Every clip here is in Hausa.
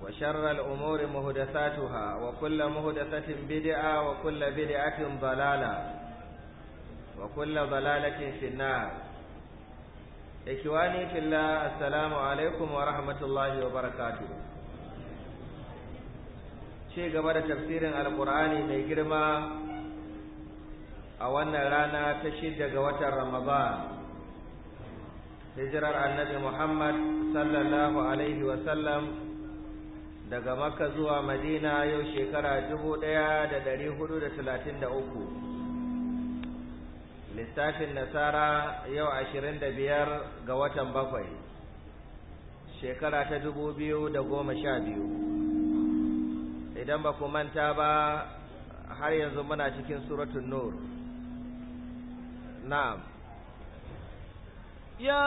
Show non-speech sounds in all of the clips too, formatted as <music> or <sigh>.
Wa shanral, u muri Muhuddatatuwa, waƙulla Muhuddasatin bidi'a, waƙulla Bidi'akin Balala, waƙulla Balalatin cinnawa. Da kiwa ni filla, assalamu alaikum wa rahmatullahi Ci gaba da tafsirin Al-Mur'ani mai girma a wannan rana ta shi daga watan Ramadan. Hijrar annabi Muhammad Sallallahu alaihi wa sallam. daga makka zuwa madina yau shekara dubu ɗaya da ɗari hudu da talatin da uku lissafin nasara yau ashirin da biyar ga watan bakwai shekara ta dubu biyu da goma sha biyu idan ba ku manta ba har yanzu muna cikin suratun nur na'am ya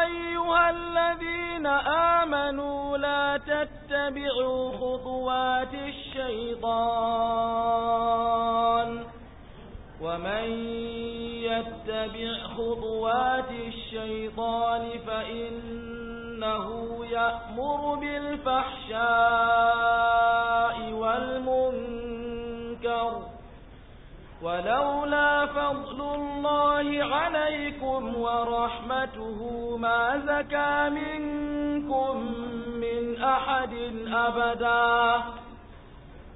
ayyuhallazina amanu تتبعوا خطوات الشيطان ومن يتبع خطوات الشيطان فإنه يأمر بالفحشان ولولا فضل الله عليكم ورحمته ما زكى منكم من أحد أبدا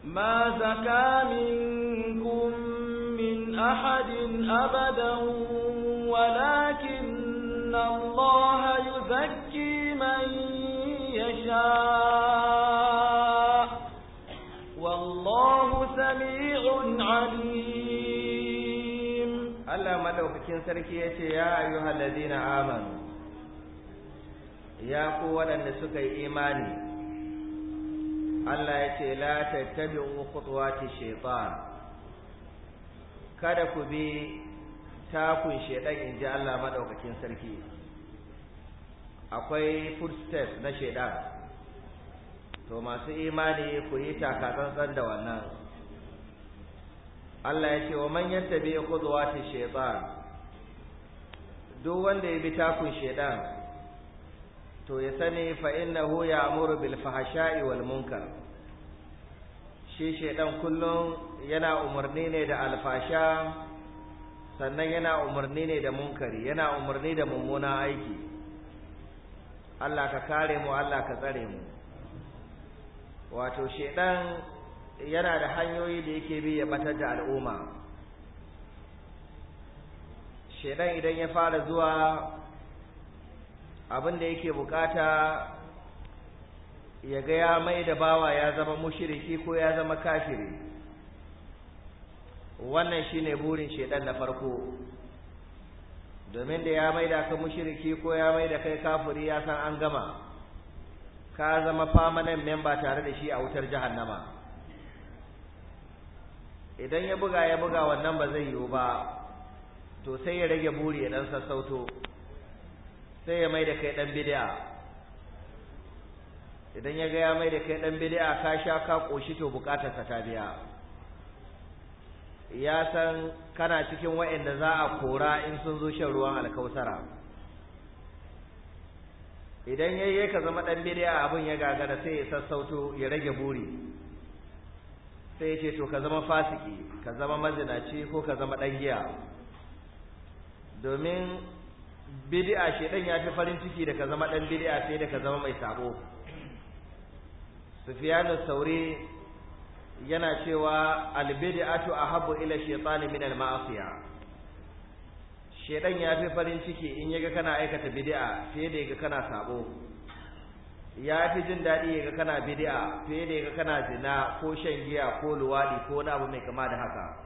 ما زكى منكم من أحد أبدا ولكن الله يزكي من يشاء والله سميع عليم madaukakin sarki ya ce ya ayyuhal Haladina amanu ya ku waɗanda suka yi imani Allah ya ce la tattabi'u khutuwati shaytan kada ku bi takun in ji Allah madaukakin sarki akwai footsteps na shaidan. to masu imani ku yi takatsantsan da wannan Allah ya ce wa manyan ya yattabi ta shaytan duk wanda ya bi takun shaytan to ya sani fa ya amuru bil fahsha'i wal munkar shi shaytan kullum yana umarni ne da alfasha sannan yana umarni ne da munkari yana umarni da mummuna aiki Allah ka kare mu Allah ka tsare mu wato shaytan yana da hanyoyi da yake bi ya batar da al'umma shedan idan ya fara zuwa abin da yake bukata ya ga ya mai da bawa ya zama mushiriki ko ya zama kafiri wannan shine burin shedan na farko domin da ya mai da ka mushiriki ko ya mai da kai kafiri ya san an gama ka zama famanan memba tare da shi a wutar jahannama idan ya buga ya buga wannan ba zai yiwu ba to sai ya rage buri ya dan sassauto sai ya mai da kai dan bid'a idan ya ga ya mai da kai dan bid'a ka sha ka koshi to bukatar ka ta biya ya san kana cikin waɗanda za a kora in sun zo shan ruwan alkausara idan yayye ka zama dan bid'a abin ya gagara sai ya sassauto ya rage buri sai ya ce to ka zama fasiki ka zama mazinaci ko ka zama ɗan giya domin bid'a shedan ya fi farin ciki da ka zama ɗan bid'a sai da ka zama mai sabo sufiyanu sauri yana cewa albid'atu ahabbu ila shaytani min al-ma'asiya shedan ya fi farin ciki in yaga kana aikata bid'a sai da yaga kana sabo ya fi jin daɗi ya ga kana bidi'a, fiye da ya ga kana zina ko shan giya ko luwaɗi ko wani abu mai kama da haka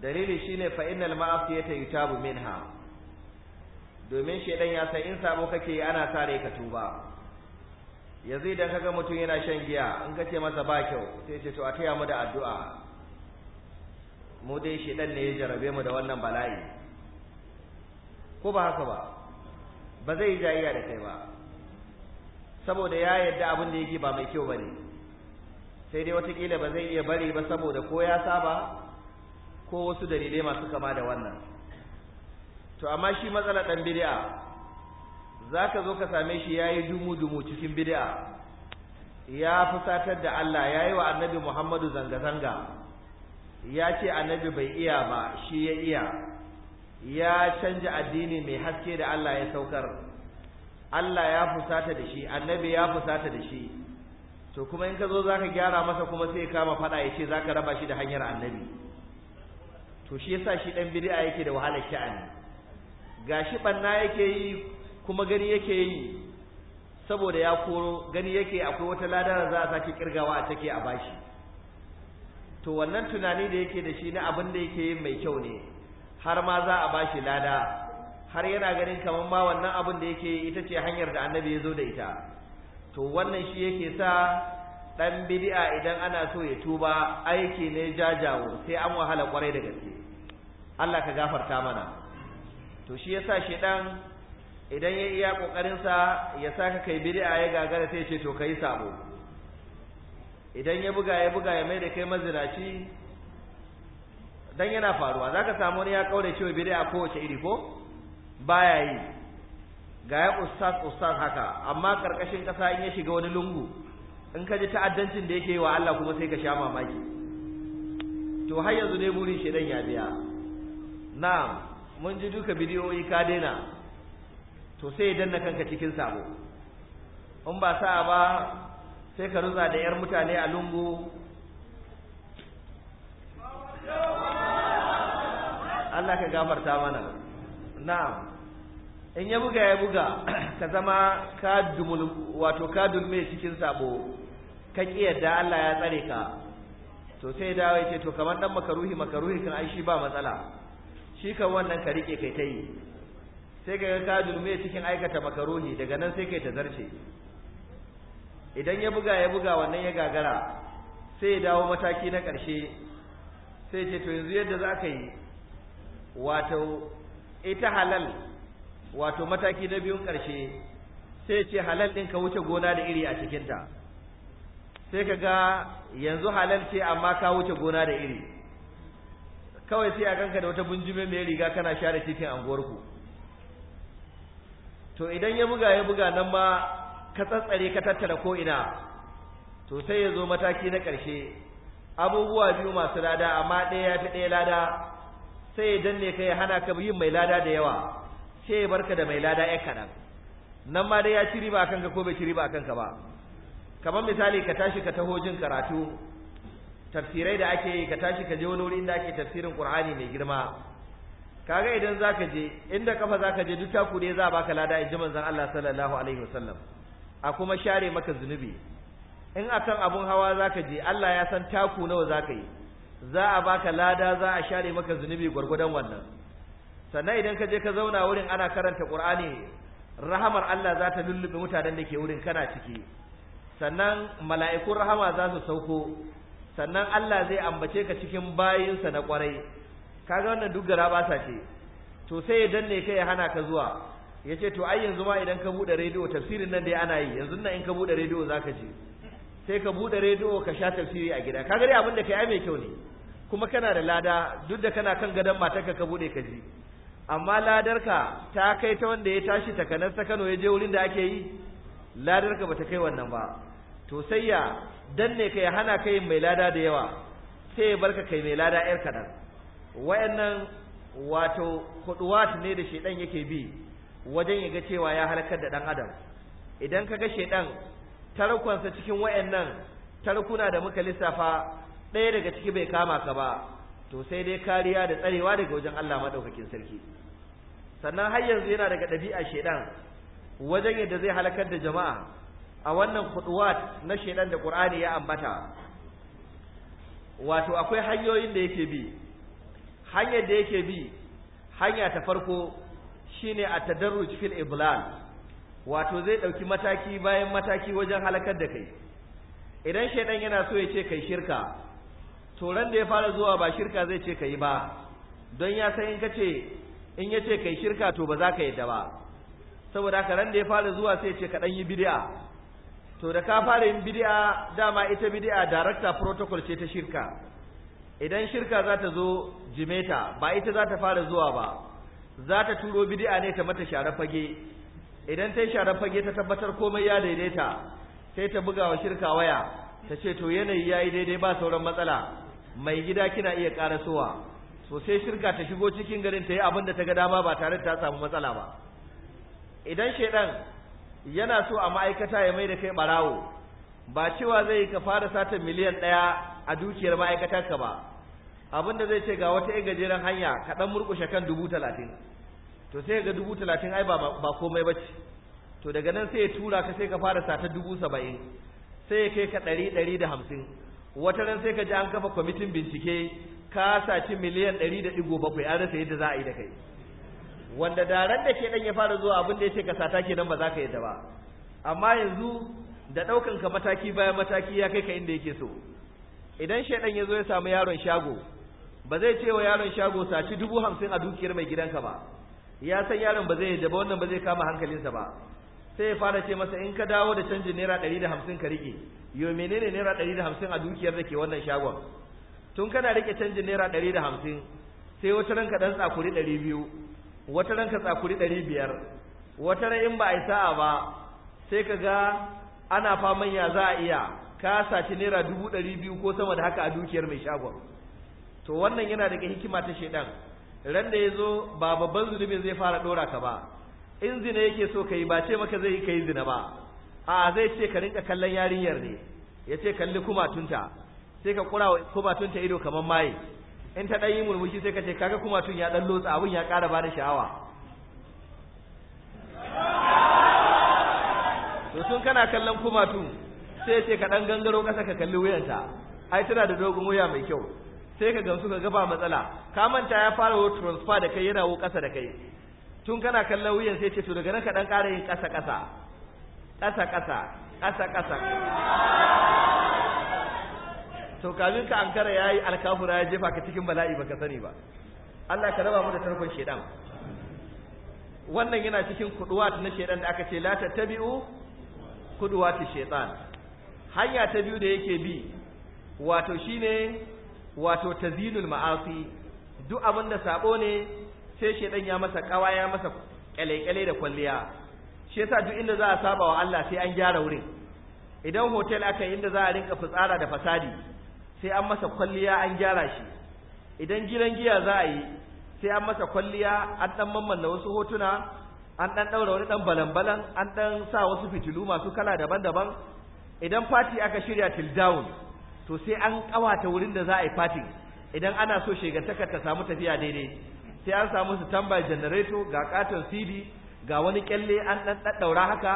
dalili shine fa innal tabu min minha domin shedan ya san in sabo kake ana sare ka tuba yanzu idan kaga mutum yana shan giya in ka ce masa ba kyau sai ce to a taya mu da addu'a mu dai shedan ne ya jarabe mu da wannan bala'i ko ba haka ba ba zai jayya da kai ba saboda ya yadda abin da yake ba mai kyau bane sai dai watakila ba zai iya bari ba saboda ko ya saba ko wasu dalilai masu kama da wannan to amma shi matsala dan bid'a zaka zo ka same shi yayi dumu dumu cikin bid'a ya fusatar da Allah yayi wa annabi Muhammadu zanga zanga ya ce annabi bai iya ba shi ya iya ya canja addini mai haske da Allah ya saukar Allah ya fusata da shi annabi ya fusata da shi to kuma in ka zo zaka gyara masa kuma sai kama fada yace zaka raba shi da hanyar annabi to shi yasa shi dan bid'a yake da wahalar sha'ani gashi banna yake yi kuma gani yake yi saboda ya koro gani yake akwai wata ladara za a sake kirgawa a take a bashi to wannan tunani da yake da shi na abin da yake yin mai kyau ne har ma za a bashi lada har yana ganin kamar ma wannan abin da yake ita ce hanyar da annabi ya zo da ita to wannan shi yake sa dan bid'a idan ana so ya tuba aiki ne jajawo sai an wahala kwarai da gaske Allah ka gafarta mana to shi yasa dan idan ya iya kokarin sa ya saka kai bid'a ya gagara sai ce to kai sabo idan ya buga ya buga ya mai da kai mazinaci dan yana faruwa zaka samu ne ya kaure cewa bid'a ko wace iri ko baya yi ga ya ustaz ustaz haka amma karkashin kasa in ya shiga wani lungu in ka ji ta'addancin da yake yi wa Allah kuma sai ka sha mamaki to har yanzu ne burin dan ya biya na'am mun ji duka bidiyoyi ka daina to sai ya danna kanka cikin sabo in ba sa'a ba sai ka ruza da yar mutane a lungu Allah ka gafarta mana na'am in ya buga ya buga <clears throat> ka zama ka wato kadul mai cikin sabo ka ki yadda Allah ya tsare ka to sai dawo yace to kamar dan makaruhi makaruhi kan ai shi ba matsala shi kan wannan ka rike kai tai sai ka kadul mai cikin aikata makaruhi daga nan sai kai ta zarce idan ya buga ya buga wannan ya gagara sai ya dawo mataki na ƙarshe sai ce to yanzu yadda za ka yi wato ita halal wato mataki na biyun ƙarshe sai ce halal ɗin ka wuce gona da iri a cikinta sai ka ga yanzu halal ce amma ka wuce gona da iri kawai sai a kanka da wata bunjime mai riga kana share titin anguwarku to idan ya buga ya buga nan ma ka tsatsare ka tattara ko'ina ina to sai ya zo mataki na ƙarshe abubuwa biyu masu lada amma ɗaya ya fi ɗaya lada sai ya danne ka ya hana ka yin mai lada da yawa sai ya barka da mai lada ya kaɗan nan ma dai ya ci riba akan ka ko bai ci riba akan ka ba kamar misali ka tashi ka taho jin karatu tafsirai da ake yi ka tashi ka je wani wuri inda ake tafsirin qur'ani mai girma kaga idan zaka je inda kafa zaka je duk taku ne za a baka lada inji manzon Allah sallallahu alaihi wasallam a kuma share maka zunubi in akan abun hawa zaka je Allah ya san taku nawa zaka yi za a baka lada za a share maka zunubi gurgudan wannan sannan idan ka je ka zauna wurin ana karanta qur'ani rahamar Allah za ta lullube mutanen da ke wurin kana ciki sannan mala'ikun rahama za su sauko sannan Allah zai ambace ka cikin bayinsa na kwarai kaga wannan duk gara ba ce to sai ya danne kai ya hana ka zuwa ya ce to ai yanzu ma idan ka buɗe rediyo tafsirin nan dai ana yi yanzu nan in ka buɗe rediyo za ka je sai ka buɗe rediyo ka sha tafsiri a gida kaga dai abin da kai ai mai kyau ne kuma kana da lada duk da kana kan gadon matarka ka buɗe ka ji amma ladarka ta kai ta wanda ya tashi takanar ta Kano ya je wurin da ake yi ladarka bata kai wannan ba to sai ya danne ka ya hana kai mai lada da yawa sai ya barka kai mai lada yar kadan wayannan wato huduwat ne da shedan yake bi wajen ya ga cewa ya halakar da dan adam idan ka kaga shedan tarkonsa cikin wayannan tarkuna da muka lissafa ɗaya daga ciki bai kama ka ba to sai dai kariya da tsarewa daga wajen Allah madaukakin sarki sannan har yanzu yana daga ɗabi'a shaidan wajen yadda zai halakar da jama'a a wannan kuduwat na shaidan da ƙur'ani ya ambata wato akwai hanyoyin da yake bi hanyar da yake bi hanya ta farko shine a tadarruj fil iblal wato zai ɗauki mataki bayan mataki wajen halakar da kai idan shaidan yana so ya ce kai shirka to ran da ya fara zuwa ba shirka zai ce kai ba don ya san in ka ce in ya ce kai shirka to ba za ka yadda ba saboda haka ran da ya fara zuwa sai ce ka yi bidi'a. to da ka fara yin bid'a dama ita bidi'a director protocol ce ta shirka idan shirka za ta zo jimeta ba ita za ta fara zuwa ba za ta turo bidi'a ne ta mata share fage idan ta yi share fage ta tabbatar komai ya daidaita sai ta buga wa shirka waya ta ce to yanayi ya yi daidai ba sauran matsala mai gida kina iya ƙarasowa so sai shirka ta shigo cikin garin ta yi abin da ta ga dama ba tare da ta samu matsala ba idan shaidan yana so a ma'aikata ya mai da kai barawo ba cewa zai ka fara sata miliyan ɗaya a dukiyar ka ba abin da zai ce ga wata yan gajeren hanya ka murkushe murƙushe kan dubu talatin to sai ga dubu talatin ai ba komai ba ce to daga nan sai ya tura ka sai ka fara sata dubu saba'in sai ya kai ka ɗari ɗari da hamsin wata ran sai ka ji an kafa kwamitin bincike ka saci miliyan ɗari da ɗigo bakwai an rasa yadda za a yi da kai wanda daren da ke ɗan ya fara zuwa abin da ya ce ka sata kenan ba za ka yadda ba amma yanzu da ɗaukan ka mataki bayan mataki ya kai ka inda yake so idan shaidan ya zo ya samu yaron shago ba zai ce wa yaron shago saci dubu hamsin a dukiyar mai gidanka ba ya san yaron ba zai yadda ba wannan ba zai kama hankalinsa ba sai ya fara ce masa in ka dawo da canjin naira ɗari da hamsin ka riƙe yo menene naira ɗari da hamsin a dukiyar da ke wannan shagon tun kana rike canjin naira ɗari da hamsin sai wata ranka ɗan tsakuri ɗari biyu wata ranka tsakuri ɗari biyar wata ran in ba a yi sa'a ba sai ka ga ana faman ya za a iya ka saci naira dubu ɗari biyu ko sama da haka a dukiyar mai shagon to wannan yana daga hikima ta shaidan ran da ya zo ba babban zunubin zai fara ɗora ka ba in zina yake so ka yi ba ce maka zai yi ka yi zina ba a zai ce ka rinka kallon yarinyar ne ya ce kalli kumatunta sai ka kura kubatun ta ido kamar maye in ta ɗan yi murmushi sai ka ce kaga kumatun ya ɗan lotsa abin ya ƙara bada sha'awa to tun kana kallon kumatu sai ce ka ɗan gangaro ƙasa ka kalli wuyanta ai tana da dogon wuya mai kyau sai ka gamsu ka gaba matsala ka manta ya fara wo transfer da kai yana wo ƙasa da kai tun kana kallon wuyan sai ce to daga nan ka ɗan ƙara yin ƙasa ƙasa ƙasa ƙasa ƙasa ƙasa to kamin ka ankara yayi alkafura ya jefa ka cikin bala'i baka sani ba Allah ka raba mu da tarkon shedan wannan yana cikin kuduwat na shedan da aka ce la tattabi'u ta shaytan hanya ta biyu da yake bi wato shine wato tazilul ma'asi duk abin da sabo ne sai shedan ya masa kawa ya masa kyale da kwalliya shi yasa duk inda za a saba wa Allah sai an gyara wurin idan hotel aka inda za a rinka fitsara da fasadi sai an masa kwalliya an gyara shi idan gidan giya za a yi sai an masa kwalliya an dan mammanna wasu hotuna an dan daura wani dan balan-balan an dan sa wasu fitilu masu kala daban-daban idan fati aka shirya till down to sai an kawata wurin da za a yi fatin idan ana so shegantakar ta samu tafiya daidai sai an samu su tamba generator ga katon CD ga wani kyalle an dan daura haka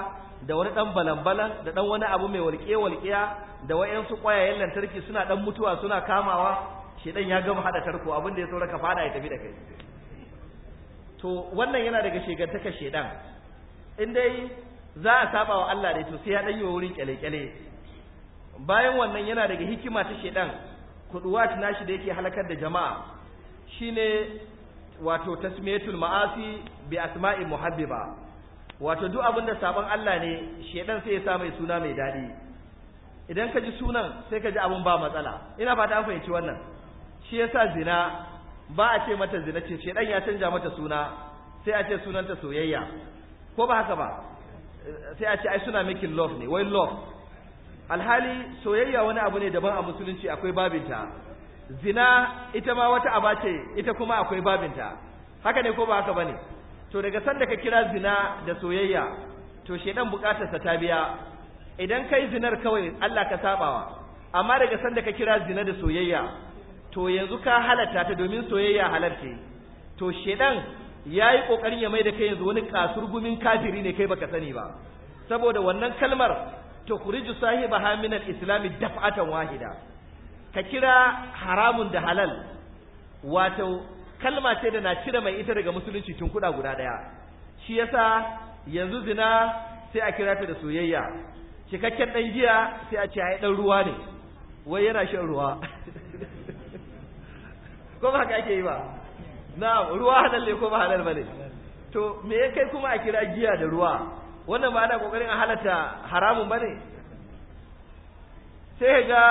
da wani dan balambalan da dan wani abu mai walƙe walkiya da wayansu ƙwayayen lantarki suna dan mutuwa suna kamawa shaɗan ya gama hada tarko abin da ya saura ka fada ya tafi da kai to wannan yana daga shegantaka shedan in dai za a saba wa Allah dai to sai ya dan yi wurin kyale-kyale bayan wannan yana daga hikima ta shedan kuduwat nashi da yake halakar da jama'a shine wato tasmiyatul ma'asi bi asma'i muhabbiba wato duk abin da sabon Allah ne shedan sai ya sa mai suna mai dadi idan ka ji sunan sai ka ji abin ba matsala ina fata an fahimci wannan shi yasa zina ba a ce mata zina ce shedan ya canja mata suna sai a ce sunanta soyayya ko ba haka ba sai a ce ai suna making love ne wai love alhali soyayya wani abu ne daban a musulunci akwai babinta zina ita ma wata aba ce ita kuma akwai babinta haka ne ko ba haka bane to daga sanda ka kira zina da soyayya to shedan bukatar sa ta biya idan kai zinar kawai Allah ka sabawa amma daga sanda ka kira zina da soyayya to yanzu ka halatta ta domin soyayya halarce to shedan yayi kokarin ya mai da kai yanzu wani kasurgumin kafiri ne kai baka sani ba saboda wannan kalmar to kuriju sahibaha min al-islam daf'atan wahida ka kira haramun da halal wato kalma ce da na cire mai ita daga musulunci tun kuɗa guda ɗaya shi yasa yanzu zina sai a kira ta da soyayya cikakken ɗan giya sai a ce ai ɗan ruwa ne wai yana shan ruwa <laughs> ko ba haka ake yi ba na ruwa halal ne ko ba halal bane to me ya kai kuma a kira giya da ruwa wannan ba ana kokarin a halatta haramun bane sai ga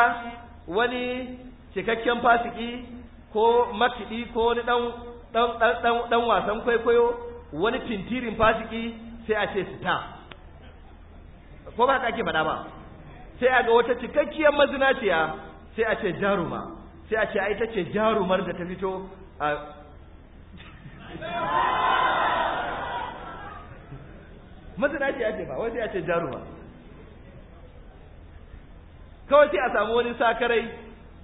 wani cikakken fasiki ko makidi ko wani ɗan wasan kwaikwayo wani tintirin fasiki sai a ce sita ko ba haka ake faɗa ba sai a ga wata cikakkiyar mazinaciya sai a ce jaruma sai a ce ai ta ce jarumar da ta fito a <laughs> mazinaciya ce ba wai sai a ce jaruma kawai sai a samu wani sakarai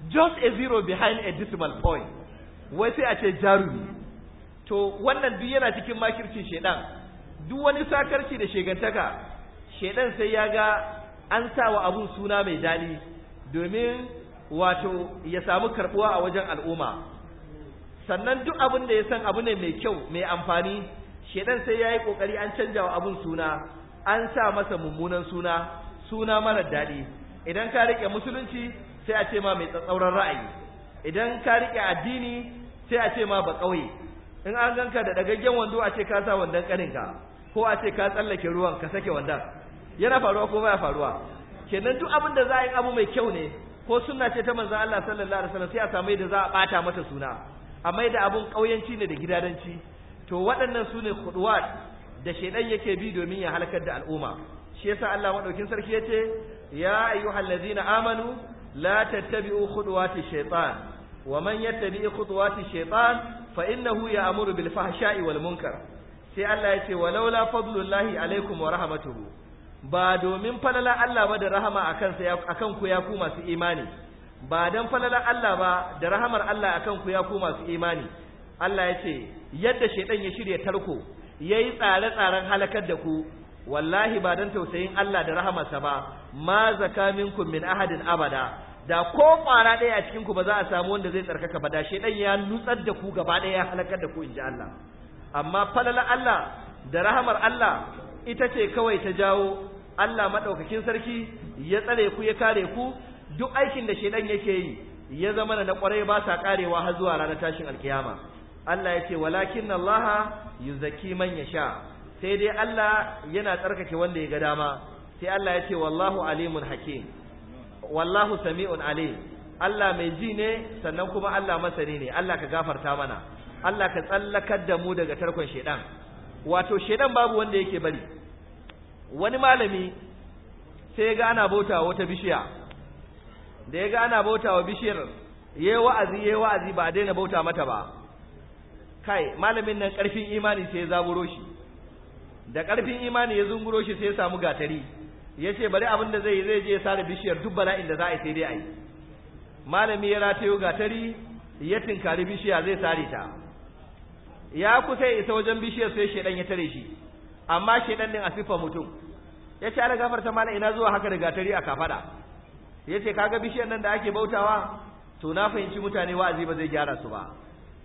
just a zero behind a decimal point wai sai a ce jarumi to wannan duk yana cikin makircin shedan duk wani sakarci da shegantaka shedan sai ya ga an sa wa abun suna mai daɗi domin wato ya samu karbuwa a wajen al'umma sannan duk abin da ya san abu ne mai kyau mai amfani shedan sai ya yi ƙoƙari an canja wa abun suna an sa masa mummunan suna suna mara daɗi idan ka rike musulunci sai a ce ma mai tsatsauran ra'ayi idan ka rike addini sai a ce ma ba kauye in an ganka da dagaggen wando a ce ka sa wandon ƙaninka, ko a ce ka tsallake ruwan ka sake wandon yana faruwa ko baya faruwa kenan duk abin da za a yi abu mai kyau ne ko sunna ce ta manzan Allah sallallahu alaihi wasallam sai a samu da za a bata mata suna amma da abun kauyanci ne da gidadanci to waɗannan su ne da shaidan yake bi domin ya halakar da al'umma shi yasa Allah madaukin sarki ya ce. Ya يا أيها الذين آمنوا لا تتبعوا خطوات الشيطان ومن يتبع خطوات الشيطان فإنه يأمر بالفحشاء والمنكر sai Allah ya ce walaula fadlullahi alaikum wa rahmatuhu ba domin falala Allah ba da rahama akan sa akan ku ya ku masu imani ba dan falala Allah ba da rahamar Allah akan ku ya ku masu imani Allah ya ce yadda shedan ya shirya tarko yayi tsare-tsaren halakar da ku wallahi ba dan tausayin Allah da rahamarsa ba ma zaka minkum min ahadin abada da ko kwara ɗaya a cikin ku ba za a samu wanda zai tsarkaka ba da dan ya nutsar da ku gaba ɗaya ya halakar da ku inji Allah amma falala Allah da rahamar Allah ita ce kawai ta jawo Allah madaukakin sarki ya tsare ku ya kare ku duk aikin da shedan yake yi ya zama na kwarai ba sa karewa har zuwa ranar tashin alkiyama Allah ya ce walakin Allah yuzaki man yasha sai dai Allah yana tsarkake wanda ya ga dama sai Allah ya ce wallahu alimun hakim wallahu sami'un alim Allah mai ji ne sannan kuma Allah masani ne Allah ka gafarta mana Allah ka tsallakar da mu daga tarkon shedan wato shedan babu wanda yake bari wani malami sai ga ana bautawa wata bishiya da ya ga ana bautawa bishiyar ya yi wa'azi ya yi wa'azi ba a daina bauta mata ba kai malamin nan ƙarfin imani sai ya zaburo shi da ƙarfin imani ya zunguro shi sai ya samu gatari ya ce bari abin da zai zai je ya sare bishiyar duk bala'in da za a yi sai dai a yi malami ya ratayo gatari ya tinkari bishiya zai sare ta ya kusa ya isa wajen bishiyar sai shedan ya tare shi amma shedan din a sifa mutum ya ce ala gafarta malam ina zuwa haka da gatari a kafada ya ce kaga bishiyar nan da ake bautawa to na fahimci mutane wa'azi ba zai gyara su ba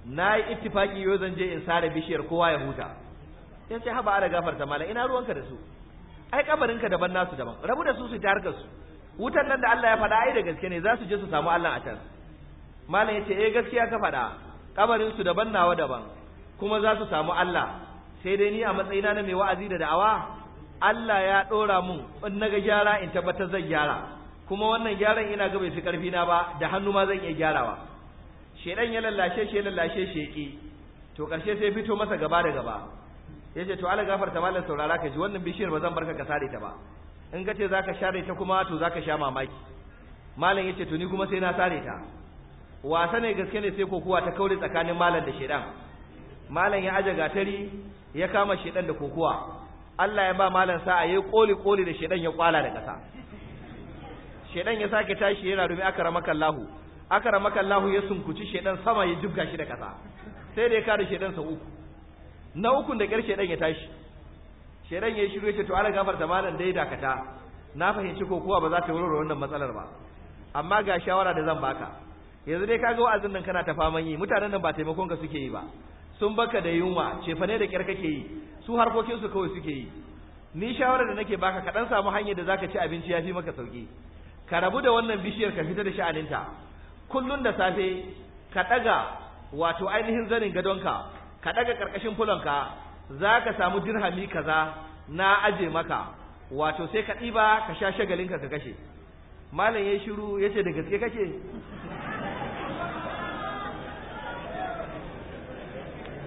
na yi ittifaki yau zan je in sare bishiyar kowa ya huta ya ce haba ala gafarta malam ina ruwanka da su ai kabarin ka daban nasu daban rabu da su su tarka su wutan nan da Allah ya faɗa ai da gaske ne za su je su samu Allah a can malam yace eh gaskiya ka faɗa kabarin su daban nawa daban kuma za su samu Allah sai dai ni a matsayina na mai wa'azi da da'awa Allah ya ɗora mun in naga gyara in tabbatar zan gyara kuma wannan gyaran ina ga bai fi karfi na ba da hannu ma zan iya gyarawa shedan ya lallashe shi lallashe shi yake to karshe sai fito masa gaba da gaba ya ce to ala ta malam saurara ka ji wannan bishiyar ba zan barka ka sare ta ba in ka ce zaka share ta kuma to zaka sha mamaki malam ya ce to ni kuma sai na sare ta wasa ne gaske ne sai kokowa ta kaure tsakanin malam da shedan malam ya aje gatari ya kama shedan da kokowa Allah ya ba malam sa'a yayi koli koli da shedan ya kwala da kasa shedan ya sake tashi yana rumi aka ramaka lahu aka lahu ya sunkuci shedan sama ya jibga shi da kasa sai da ya kare shedan sa uku na ukun da ƙarshe ɗan ya tashi ɗan ya yi shiru yace to gafar ta malam dai dakata na fahimci ko kowa ba za ta warware wannan matsalar ba amma ga shawara da zan baka yanzu dai ka ga wa'azin nan kana ta faman yi mutanen nan ba taimakon ka suke yi ba sun baka da yunwa ne da kyar kake yi su harkokin su kawai suke yi ni shawarar da nake baka ka ɗan samu hanyar da zaka ci abinci ya fi maka sauki ka rabu da wannan bishiyar ka fita da sha'aninta kullum da safe ka ɗaga wato ainihin zanin gadonka ka daga karkashin fulonka za ka samu dirhami kaza na aje maka wato sai ka ɗiba ka sha shagalinka ka kashe malam ya shiru ya ce da gaske kake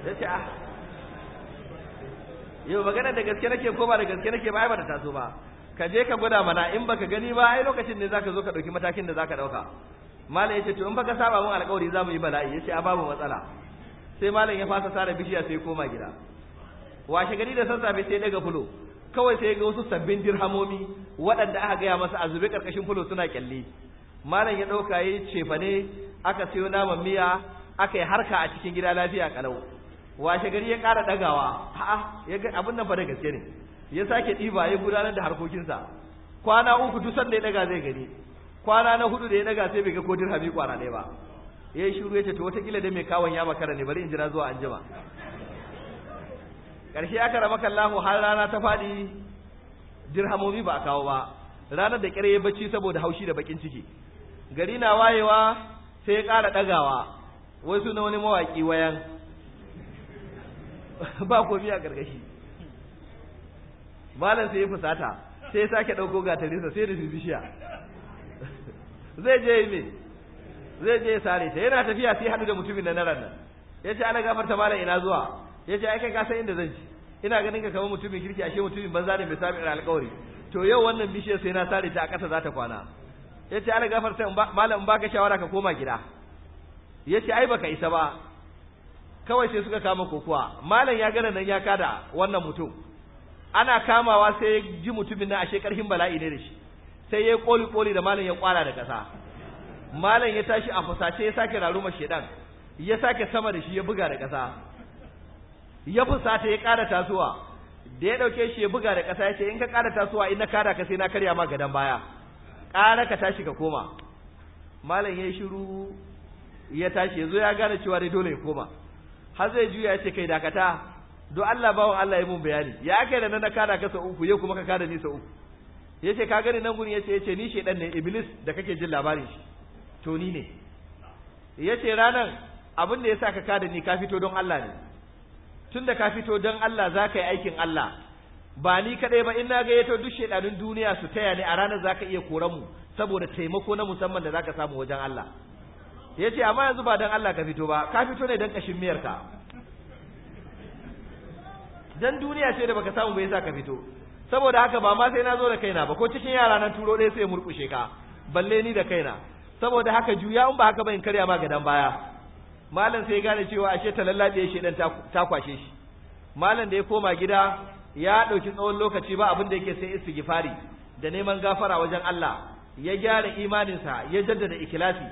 ya ce ah yau magana da gaske nake ko ba da gaske nake ba ai ba da taso ba ka je ka gwada mana in baka gani ba ai lokacin ne zaka zo ka dauki matakin da zaka dauka malam yace to in baka saba mun alƙawari za mu yi bala'i yace a ah, babu matsala sai malam ya fasa sare bishiya sai koma gida washe gari da sassafe sai daga fulo kawai sai ga wasu sabbin dirhamomi waɗanda aka gaya masa a zube karkashin fulo suna kyalle malam ya ɗauka ya cefa ne aka sayo naman miya aka yi harka a cikin gida lafiya kalau washe gari ya ƙara ɗagawa a'a ya ga abin nan fa da gaske ne ya sake ɗiba ya gudanar da harkokinsa kwana uku duk sanda ya ɗaga zai gani kwana na hudu da ya daga sai bai ga ko dirhami kwana ɗaya ba yayi shiru yace to wata kila da mai kawon ya makara ne bari in jira zuwa anjima karshe aka raba kallahu har rana ta fadi dirhamomi ba a kawo ba ranar da kire ya bacci saboda haushi da bakin ciki gari na wayewa sai ya ƙara ɗagawa wasu na wani mawaƙi wayan <laughs> ba komi a ƙarƙashi malam sai ya fusata sai ya sake ɗauko gatarinsa sai da bishiya <laughs> zai je yi ne zai je ya sare ta yana tafiya sai haɗu da mutumin na naran nan ya ce ana gafarta malam ina zuwa ya ce ai kai ka san inda zan ci ina ganin ka kamar mutumin kirki ashe mutumin banza ne mai sami alƙawari to yau wannan bishiyar sai na sare ta a ƙasa za ta kwana ya ce ana gafarta malam ba ka shawara ka koma gida ya ce ai baka isa ba kawai sai suka kama kokuwa malam ya gana nan ya kada wannan mutum ana kamawa sai ya ji mutumin na ashe ƙarfin bala'i ne da shi sai ya koli koli da malam ya kwara da ƙasa malam ya tashi a fusace ya sake raruma shedan ya sake sama da shi ya buga da ƙasa ya fusata ya ƙara tasowa da ya ɗauke shi ya buga da ƙasa ya ce in ka ƙara tasowa in na kada ka sai na karya ma gadan baya ƙara ka tashi ka koma malam ya shiru ya tashi ya zo ya gane cewa dai dole ya koma har zai juya ya ce kai dakata do Allah bawa Allah ya mun bayani ya kai da na kara ka sau uku yau kuma ka kada ni sau uku ya ce ka gani nan gurin ya ce ni shaidan ne iblis da kake jin labarin shi to ni ne ya ce ranar abin da ya sa ka kada ni ka fito don Allah ne tun da ka fito don Allah za ka yi aikin Allah ba ni kaɗai ba in na ga yato duk shaidanun duniya su taya ni a ranar za ka iya koran mu saboda taimako na musamman da za ka samu wajen Allah ya ce amma yanzu ba don Allah ka fito ba ka fito ne don ƙashin miyarka Dan duniya ce da baka samu bai sa ka fito saboda haka ba ma sai na zo da kaina ba ko cikin yara nan turo ɗaya sai murƙushe ka balle ni da kaina saboda haka juya in ba haka ba in karya ma gadan baya malam sai ya gane cewa ashe ta lallabe shi dan ta kwashe shi malam da ya koma gida ya ɗauki tsawon lokaci ba abin da yake sai istighfari da neman gafara wajen Allah ya gyara imaninsa ya jaddada ikhlasi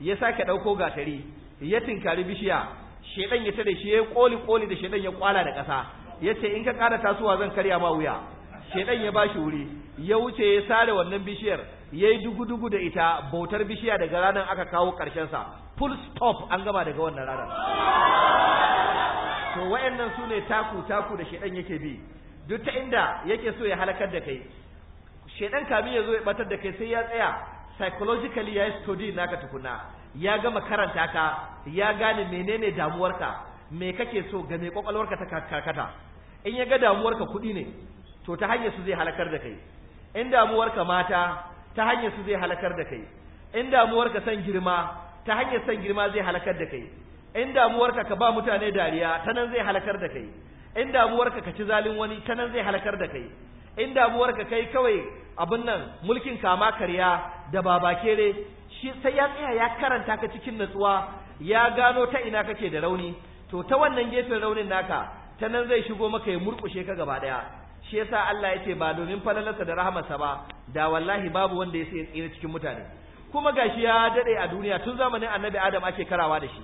ya sake ɗauko gatari ya tinkari bishiya shedan ya tare shi ya koli koli da shedan ya kwala da ƙasa ya ce in ka ƙara tasowa zan karya ma wuya shedan ya bashi wuri ya wuce ya sare wannan bishiyar yayi dugu-dugu da ita bautar bishiya daga ranar aka kawo ƙarshen sa full stop an gama daga wannan ranar to wayannan su ne taku taku da shedan yake bi duk ta inda yake so ya halakar da kai shedan kamin ya zo ya batar da kai sai ya tsaya psychologically ya yi study naka tukuna ya gama karanta ka ya gane menene damuwarka me kake so ga me kwakwalwarka ta karkata in ya ga damuwarka kuɗi ne to ta hanyar su zai halakar da kai in damuwarka mata ta hanyar su zai halakar da kai in damuwar ka san girma ta hanyar san girma zai halakar da kai in damuwar ka ba mutane dariya ta nan zai halakar da kai in damuwar ka ka ci zalin wani ta nan zai halakar da kai in damuwar ka kai kawai abin nan mulkin kama karya da babakere shi sai ya tsaya ya karanta ka cikin natsuwa ya gano ta ina kake da rauni to ta wannan gefen raunin naka ta nan zai shigo maka ya murkushe ka gaba ɗaya shi yasa Allah ya ce ba domin falalarsa da rahamarsa ba da wallahi babu wanda ya sai tsira cikin mutane kuma gashi ya dade a duniya tun zamanin annabi adam ake karawa da shi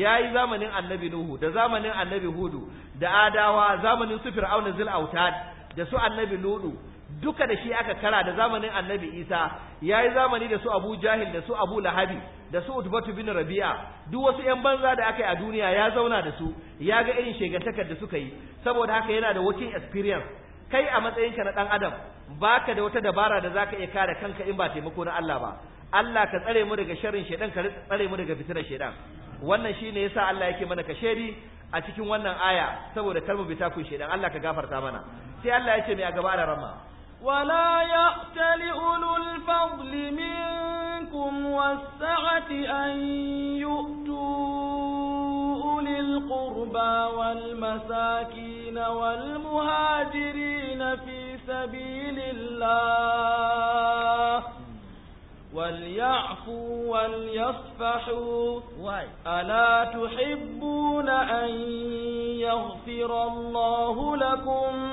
yayi zamanin annabi nuhu da zamanin annabi hudu da adawa zamanin su fir'auna zil autad da su annabi ludu duka da shi aka kara da zamanin annabi isa yayi zamani da su abu jahil da su abu lahabi da su utbatu bin rabi'a duk wasu yan banza da aka yi a duniya ya zauna da su ya ga irin shegantakar da suka yi saboda haka yana da working experience kai a matsayinka na dan adam baka da wata dabara da zaka iya kare kanka in ba taimako na Allah ba Allah ka tsare mu daga sharrin shaidan ka tsare mu daga fitinar shaidan wannan shine yasa Allah yake mana kasheri a cikin wannan aya saboda kalmu bi takun shaidan Allah ka gafarta mana sai Allah ce mai a gaba da rama wala ya'tali ulul fadli minkum was an yu. القربى والمساكين والمهاجرين في سبيل الله وليعفوا وليصفحوا ألا تحبون أن يغفر الله لكم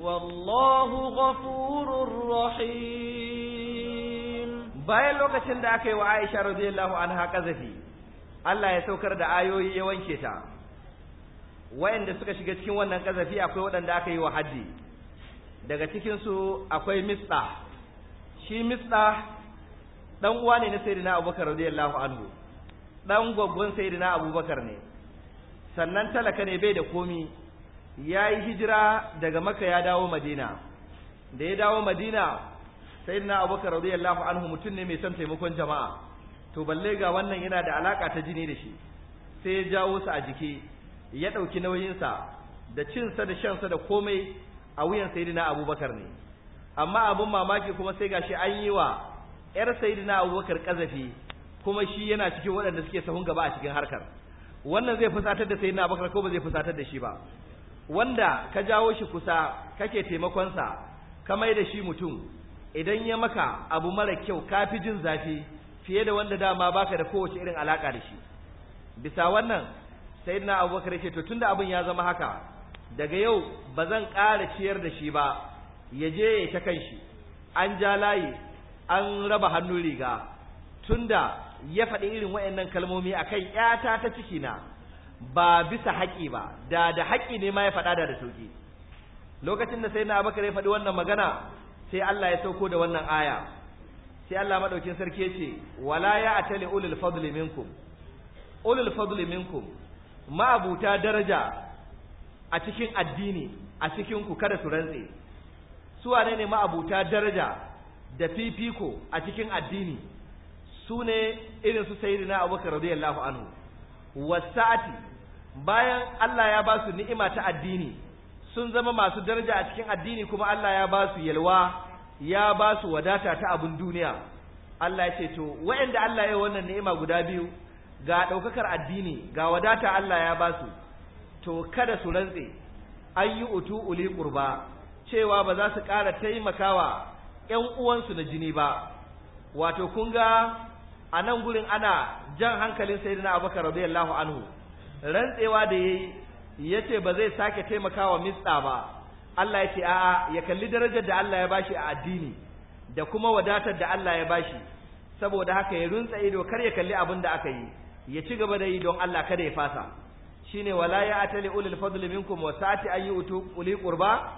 والله غفور رحيم bayan lokacin da aka yi wa Aisha radiyallahu anha kazafi Allah ya saukar da ayoyi ya wanke ta wayanda suka shiga cikin wannan kazafi akwai waɗanda aka yi wa haddi daga cikin su akwai mista shi mista dan uwa ne na sayyidina abubakar radiyallahu anhu dan gwaggon sayyidina abubakar ne sannan talaka ne bai da komi ya yi hijira daga maka ya dawo madina da ya dawo madina sayyidina abubakar radiyallahu anhu mutum ne mai son taimakon jama'a to balle ga wannan yana da alaka ta jini da shi sai ya jawo su a jiki ya ɗauki nauyinsa da cinsa da shansa da komai a wuyan sayidina abubakar ne amma abin mamaki kuma sai gashi an yi wa 'yar sayidina abubakar ƙazafi kuma shi yana cikin waɗanda suke sahun gaba a cikin harkar wannan zai fusatar da sayidina abubakar ko ba zai fusatar da shi ba wanda ka jawo shi kusa kake taimakonsa ka mai da shi mutum idan ya maka abu mara kyau ka fi jin zafi fiye da wanda dama baka da kowace irin alaka da shi bisa wannan sayyidina abubakar ya ce to da abin ya zama haka daga yau ba zan ƙara ciyar da shi ba ya je ya ta kan shi an ja layi an raba hannu riga tunda ya faɗi irin waɗannan kalmomi a kan ƴata ta ciki na ba bisa haƙi ba da da haƙi ne ma ya faɗa da da sauki lokacin da sai na abakar ya faɗi wannan magana sai Allah ya sauko da wannan aya sai Allah madaukin sarki ya ce wala ya atali ulul fadli minkum ulul fadli minkum ma'abuta daraja a cikin addini a cikin ku kada su rantse su wane ne ma'abuta daraja da fifiko a cikin addini su ne irin su sayyidina abubakar radiyallahu anhu wasa'ati bayan Allah ya ba su ni'ima ta addini sun zama masu daraja a cikin addini kuma Allah ya ba su yalwa ya ba su wadata ta abin duniya Allah ya ce to waɗanda Allah ya wannan ni'ima guda biyu ga ɗaukakar addini ga wadata Allah ya ba su to kada su rantse an yi utu uli qurba cewa ba za su ƙara taimakawa ƴan uwansu na jini ba wato kun ga a nan gurin ana jan hankalin sayyidina Abubakar radiyallahu anhu rantsewa da yayi yace ba zai sake taimakawa mista ba Allah ya ce a'a ya kalli darajar da Allah ya bashi a addini da kuma wadatar da Allah ya bashi saboda haka ya runtsa ido kar ya kalli abin da aka yi ya ci gaba da yi don Allah kada ya fasa shine wala ya atali ulul fadli minkum wa sa'ati ayi utu uli qurba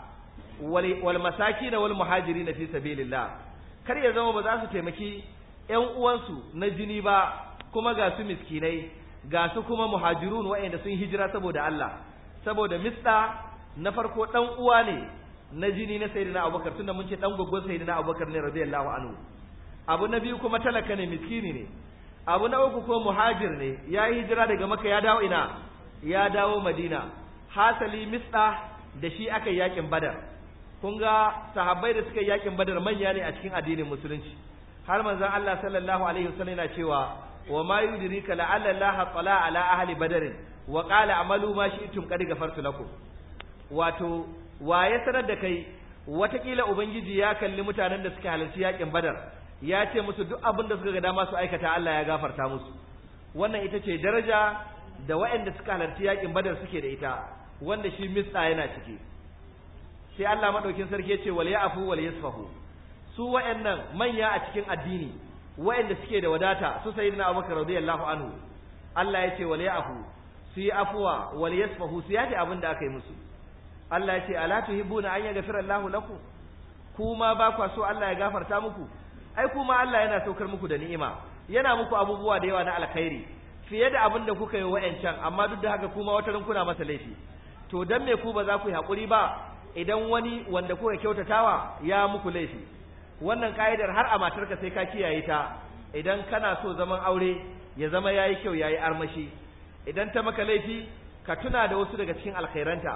wal masakin wal muhajirin fi sabilillah kar ya zama ba za su taimaki ƴan uwansu na jini ba kuma ga su miskinai ga su kuma muhajirun waɗanda sun hijira saboda Allah saboda misda na farko ɗan uwa ne na jini na sayyidina Abubakar tunda mun ce dan gogon sayyidina Abubakar ne radiyallahu anhu abu na biyu kuma talaka ne miskini ne abu na uku ko muhajir ne ya yi hijira daga maka ya dawo ina ya dawo madina hasali misda da shi aka yi yakin badar kun ga sahabbai da suka yi yakin badar manya ne a cikin addinin musulunci har manzon Allah sallallahu alaihi wasallam yana cewa wa ma yudrika la'alla Allah tala ala ahli badar wa qala amalu ma shi'tum qad ghafartu lakum wato wa ya sanar da kai watakila ubangiji ya kalli mutanen da suka halarci yakin badar ya ce musu duk abin da suka ga dama su aikata Allah ya gafarta musu wannan ita ce daraja da waɗanda suka halarci yakin badar suke da ita wanda shi mista yana ciki sai Allah madaukin sarki ya ce wal ya'fu wal yasfahu su waɗannan manya a cikin addini waɗanda suke da wadata su sayyidina Abubakar radiyallahu anhu Allah ya ce wal ya'fu su yi afuwa wal yasfahu su yaji abin da aka yi musu Allah ya ce ala tuhibbuna an yaghfira Allahu lakum kuma ba kwa so Allah ya gafarta muku ai kuma Allah yana saukar muku da ni'ima yana muku abubuwa da yawa na alkhairi fiye da abin da kuka yi wa'ancan amma duk da haka kuma wata kuna masa laifi to dan me ku ba za ku yi hakuri ba idan wani wanda kuka kyautatawa ya muku laifi wannan ka'idar har a matarka sai ka kiyaye ta idan kana so zaman aure ya zama yayi kyau yayi armashi idan ta maka laifi ka tuna da wasu daga cikin alkhairanta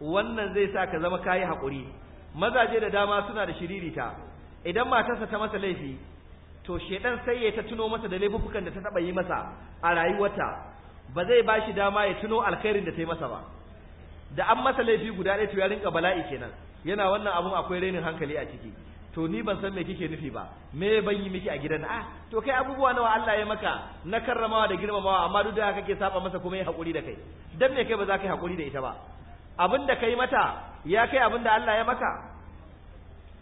wannan zai sa ka zama kayi hakuri mazaje da dama suna da shiririta idan matarsa ta masa laifi to shedan sai ya ta tuno masa da laifukan da ta taba yi masa a rayuwarta ba zai ba shi dama ya tuno alkhairin da ta yi masa ba da an masa laifi guda ɗaya to ya rinka bala'i kenan yana wannan abun akwai rainin hankali a ciki to ni ban san me kike nufi ba me ban yi miki a gidan ah to kai abubuwa nawa Allah ya maka na karramawa da girmamawa amma duk da haka kake saba masa kuma yi hakuri da kai dan me kai ba za ka yi hakuri da ita ba abinda da kai mata ya kai abun da Allah ya maka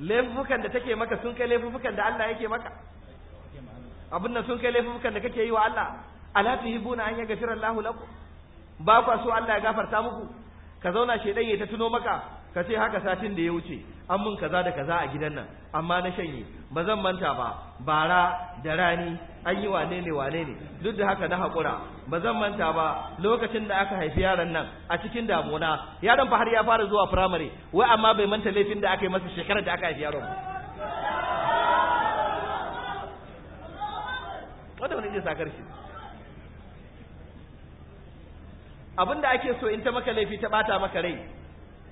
laifukan da take maka sun kai laifukan da Allah yake maka abin nan sun kai laifukan da kake yi wa Allah ala tuhibuna an yaghfira Allahu lakum ba kwa so Allah ya gafarta muku ka zauna shedan ya ta tuno maka ka ce haka satin da ya wuce an mun kaza da kaza a gidan nan amma na shanye ba zan manta ba bara da rani an yi wane ne wane ne duk da haka na haƙura ba zan manta ba lokacin da aka haifi yaron nan a cikin damuna yaron fa har ya fara zuwa firamare wai amma bai manta laifin da aka yi masa shekarar da aka haifi yaron ba wanda wani zai sakar shi abin da ake so in ta maka laifi ta bata maka rai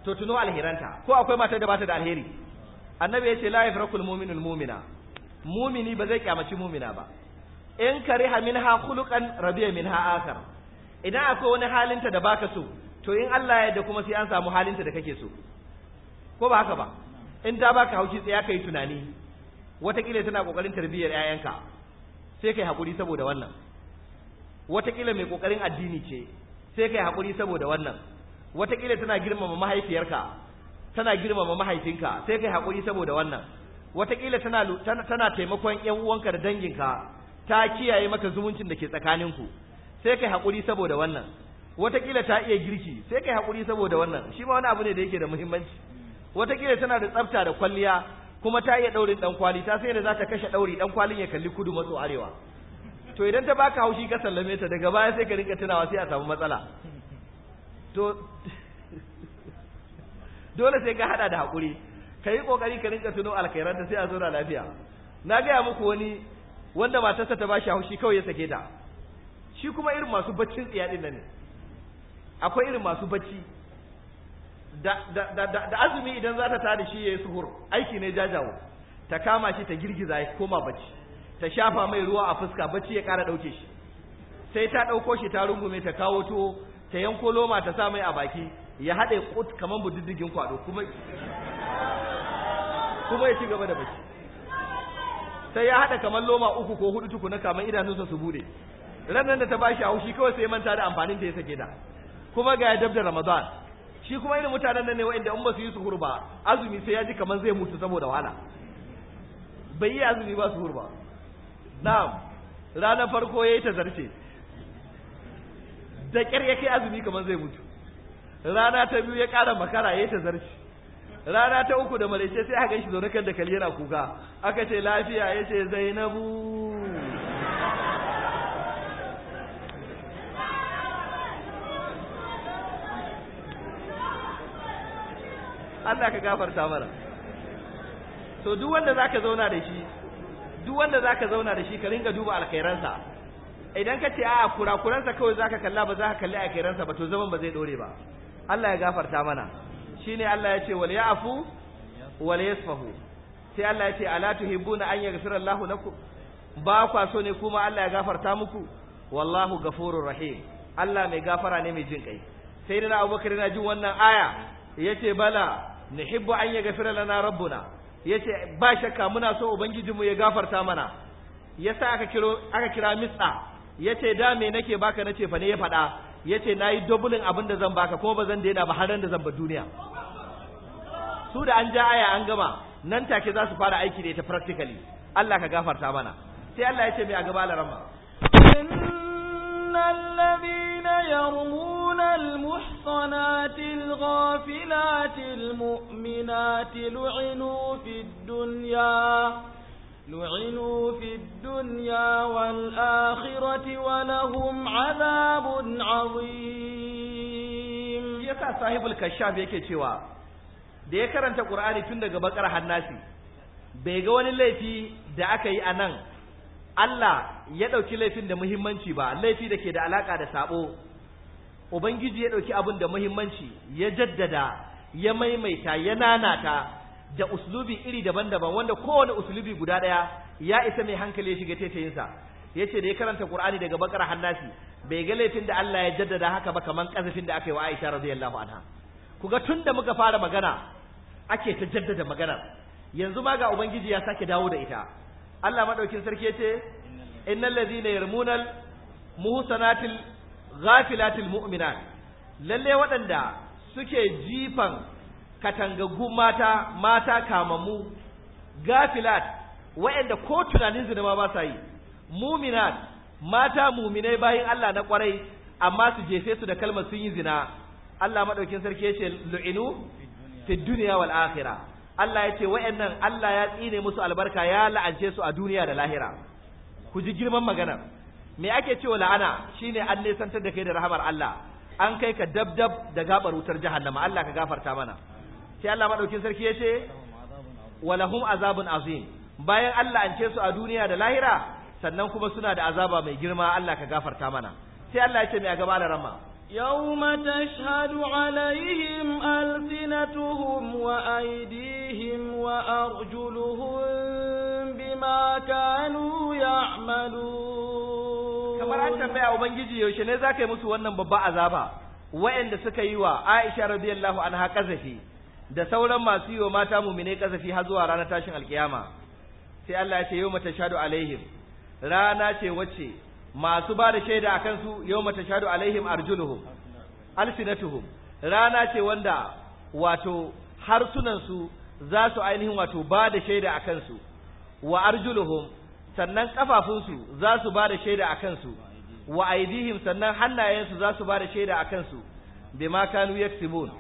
to tuno alheranta ko akwai matar da bata da alheri annabi yace la yafrakul mu'minul mu'mina mumini ba zai kyamaci mumina ba in kariha minha khuluqan rabiya minha akhar idan akwai wani halinta da baka so to in Allah ya da kuma sai an samu halinta da kake so ko ba haka ba in da baka haushi tsaya kai tunani watakila tana kokarin tarbiyyar 'ya'yanka sai kai hakuri saboda wannan watakila mai kokarin addini ce sai kai hakuri saboda wannan wataƙila tana girmama mahaifiyarka tana girmama mahaifinka sai kai haƙuri saboda wannan wataƙila tana tana taimakon ƴan uwanka da danginka ta kiyaye maka zumuncin da ke tsakaninku sai kai haƙuri saboda wannan wataƙila ta iya girki sai kai haƙuri saboda wannan shi ma wani abu ne da yake da muhimmanci wataƙila tana da tsafta da kwalliya kuma ta iya ɗaurin ɗan kwali ta sai da za ta kashe ɗauri ɗan kwalin ya kalli kudu maso arewa to idan ta baka haushi ka sallame ta daga baya sai ka rinka tunawa sai a samu matsala to dole sai ka hada da hakuri ka yi kokari ka rinka tuno alkhairanta sai a zo da lafiya na gaya muku wani wanda matarsa ta bashi haushi kawai ya sake ta shi kuma irin masu baccin tsiya din nan akwai irin masu bacci da, da, da, da, azumi idan za ta tada shi ya yi suhur aiki ne jajawo ta kama shi ta girgiza ya koma bacci ta shafa mai ruwa a fuska bacci ya kara ɗauke shi sai ta ɗauko shi ta rungume ta kawo to. ta yanko loma ta sa mai a baki ya haɗe kut kamar budiddigin kwado kuma ya ci gaba da baki sai ya haɗa kamar loma uku ko hudu tukuna kamar idanunsa su bude ranar da ta bashi a haushi kawai sai manta da amfanin ta ya sake da kuma ga ya da ramadan shi kuma irin mutanen nan ne wa in ba su yi suhur ba azumi sai ya ji kamar zai mutu saboda wahala bai yi azumi ba suhur ba na'am ranar farko ya yi ta zarce da ƙyar ya kai azumi kamar zai mutu rana ta biyu ya ƙara makara ya ta zarci rana ta uku da malaice sai aka shi zaune kan da yana kuka aka ce lafiya ya ce zainabu Allah ka gafarta mana to duk wanda zaka zauna da shi duk wanda zaka zauna da shi ka ringa duba alkhairansa idan ka ce a kurakuransa kawai za ka kalla ba za ka kalli a kairansa ba to zaman ba zai dore ba Allah ya gafarta mana Shi ne Allah ya ce wal afu, wal yasfahu sai Allah ya ce ala na an yaghfira Allahu lakum ba kwa so ne kuma Allah ya gafarta muku wallahu ghafurur rahim Allah mai gafara ne mai jin kai sai da Abubakar yana jin wannan aya Ya ce bala nuhibbu an yaghfira lana rabbuna ce ba shakka muna so ubangijinmu ya gafarta mana yasa aka aka kira mitsa yace da me nake baka nace fa ne ya faɗa yace nayi dubulin abin da zan baka ko ba zan daina ba har da zan ba duniya su da an ja aya an gama nan take za su fara aiki da ita practically Allah ka gafarta mana sai Allah yace me a gaba larama الذين يرمون المحصنات الغافلات المؤمنات لعنوا في الدنيا لعنوا في الدنيا والآخرة ولهم عذاب عظيم يسا صاحب الكشاف yake cewa da ya karanta Ƙur'ani tun daga bakar hannasi bai ga wani laifi da aka yi anan Allah ya ɗauki laifin da muhimmanci ba laifi da ke da alaƙa da saɓo. ubangiji ya ɗauki abun da muhimmanci ya jaddada ya maimaita ya nanata da uslubi iri daban-daban wanda kowane uslubi guda daya ya isa mai hankali ya shiga sa yace da ya karanta Qur'ani daga Bakara Hannasi bai ga laifin da Allah ya jaddada haka ba kaman kazafin da aka yi wa Aisha radiyallahu anha kuga da muka fara magana ake ta jaddada maganar yanzu ma ga ubangiji ya sake dawo da ita Allah madaukin sarki yace innal ladhina yarmunal muhsanatil ghafilatil mu'minat lalle waɗanda suke jifan Katangagu mata mata kamamu, gafilat waɗanda ko tunanin zina ma ba sa yi muminat mata muminai bayin Allah na kwarai amma su jefe su da kalmar sun yi zina Allah madaukin sarki ya ce lu'inu fi dunya wal akhirah Allah ya ce waɗannan Allah ya tsine musu albarka ya la'ance su a duniya da lahira ku ji girman magana me ake cewa la'ana shine an nesantar da kai da rahamar Allah an kai ka dab dab da gabar wutar jahannama Allah ka gafarta mana sai Allah madaukin sarki ya ce walahum azabun azim bayan Allah an ce su a duniya da lahira sannan kuma suna da azaba mai girma Allah ka gafarta mana sai Allah ya ce mai a gaba da rama يوم تشهد wa ألسنتهم وأيديهم وأرجلهم بما كانوا يعملون kamar an tambaya ubangiji yaushe ne zaka yi musu wannan babba azaba wa'anda suka yi wa Aisha radiyallahu anha kazafi da sauran masu yi wa mata mumine kasafi har zuwa ranar tashin alkiyama sai Allah ya ce yau mata shadu alaihim rana ce wacce masu ba da shaida a kansu yau mata shadu alaihim arjuluhum alsinatuhum rana ce wanda wato harsunansu za su ainihin wato ba da shaida a kansu wa arjuluhum sannan kafafunsu za su ba da shaida a kansu wa aidihim sannan hannayensu za su ba da shaida a kansu bima kanu yaksimun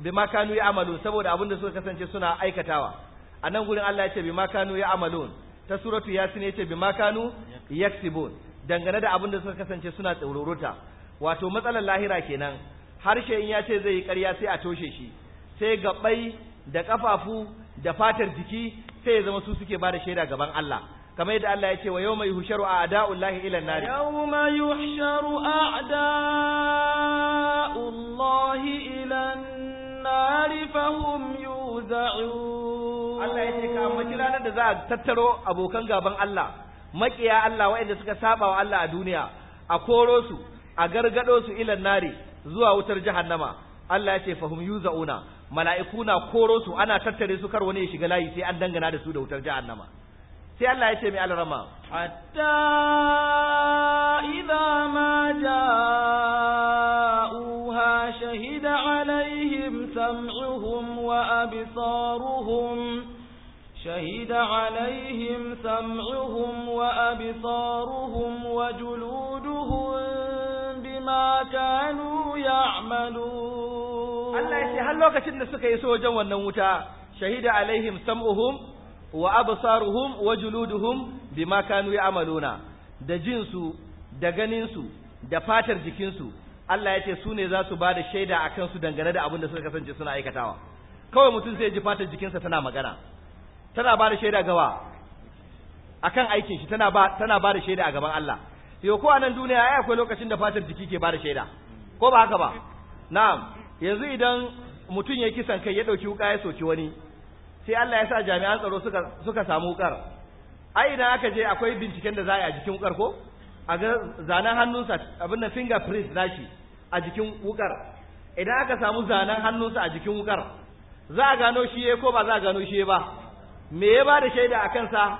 bima kanu ya'malun saboda abin da suka kasance suna aikatawa a nan gurin Allah ya ce bima kanu ya'malun ta suratu yasin ya ce bima kanu yaksibun dangane da abin da suka kasance suna tsaururuta wato matsalar lahira kenan harshe in ya ce zai yi ƙarya sai a toshe shi sai gabai da kafafu da fatar jiki sai ya zama su suke bada shaida gaban Allah kamar yadda Allah ya ce wa yawma yuhsharu a'da'ullahi ila an-nar yawma yuhsharu a'da'ullahi ila an النار فهم يوزعون الله يتي كما كرانا da za a tattaro abokan gaban Allah makiya Allah waɗanda suka saba wa Allah a duniya a koro su a gargado su ilan nari zuwa wutar jahannama Allah ya ce fahum yuzauna mala'iku na koro su ana tattare su kar wani ya shiga layi sai an dangana da su da wutar jahannama sai Allah ya ce mai alrama hatta idza ma jaa ربها شهد عليهم سمعهم وأبصارهم شهد عليهم سمعهم وأبصارهم وجلودهم بما كانوا يعملون الله يشهد هل لوكتين da suka yi sojan wannan wuta shahida alaihim sam'uhum wa absaruhum wa juluduhum bima kanu da jinsu da ganinsu da fatar jikinsu Allah ya ce su ne za su ba da shaida a kansu dangane da abin da suka kasance suna aikatawa kawai mutum sai ji fatar jikinsa tana magana tana ba da shaida gawa akan aikin shi tana ba da shaida a gaban Allah yau ko a nan duniya ai akwai lokacin da fatar jiki ke ba da shaida ko ba haka ba na'am yanzu idan mutum ya kisan kai ya ɗauki wuka ya soki wani sai Allah ya sa jami'an tsaro suka samu wukar ai idan aka je akwai binciken da za a yi a jikin wukar ko a ga zanen hannunsa abin da fingerprint shi a jikin wukar idan aka samu zanen hannunsa a jikin wukar za a gano shi ko ba za a gano shi ba me ya ba da shaida a kansa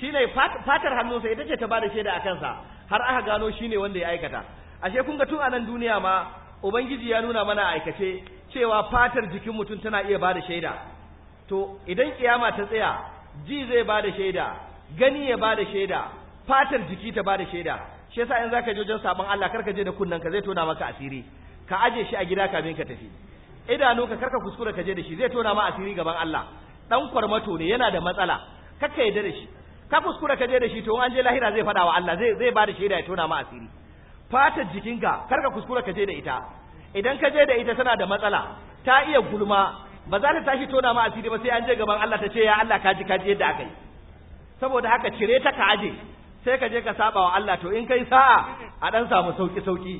Shi ne fatar hannunsa ita ce ta ba da shaida a kansa har aka gano shi ne wanda ya aikata ashe kun ga tun a nan duniya ma ubangiji ya nuna mana aikace cewa fatar jikin mutum tana iya ba da shaida to idan kiyama ta tsaya ji zai ba da shaida gani ya ba da shaida fatar jiki ta bada shaida shi yasa in zaka je wajen sabon Allah karka je da kunnan ka zai tona maka asiri ka aje shi a gida kafin ka tafi idanu ka karka kuskura ka je da shi zai tona ma asiri gaban Allah dan kwarmato ne yana da matsala kakka yadda da shi ka kuskura ka je da shi to an je lahira zai fada wa Allah zai zai bada shaida ya tona ma asiri fatar jikinka karka kuskura ka je da ita idan ka je da ita tana da matsala ta iya gulma ba za ta tashi tona ma asiri ba sai an je gaban Allah ta ce ya Allah ka ji ka ji yadda aka yi saboda haka cire ta ka aje sai ka je ka saba wa Allah to in kai sa'a a dan samu sauki sauki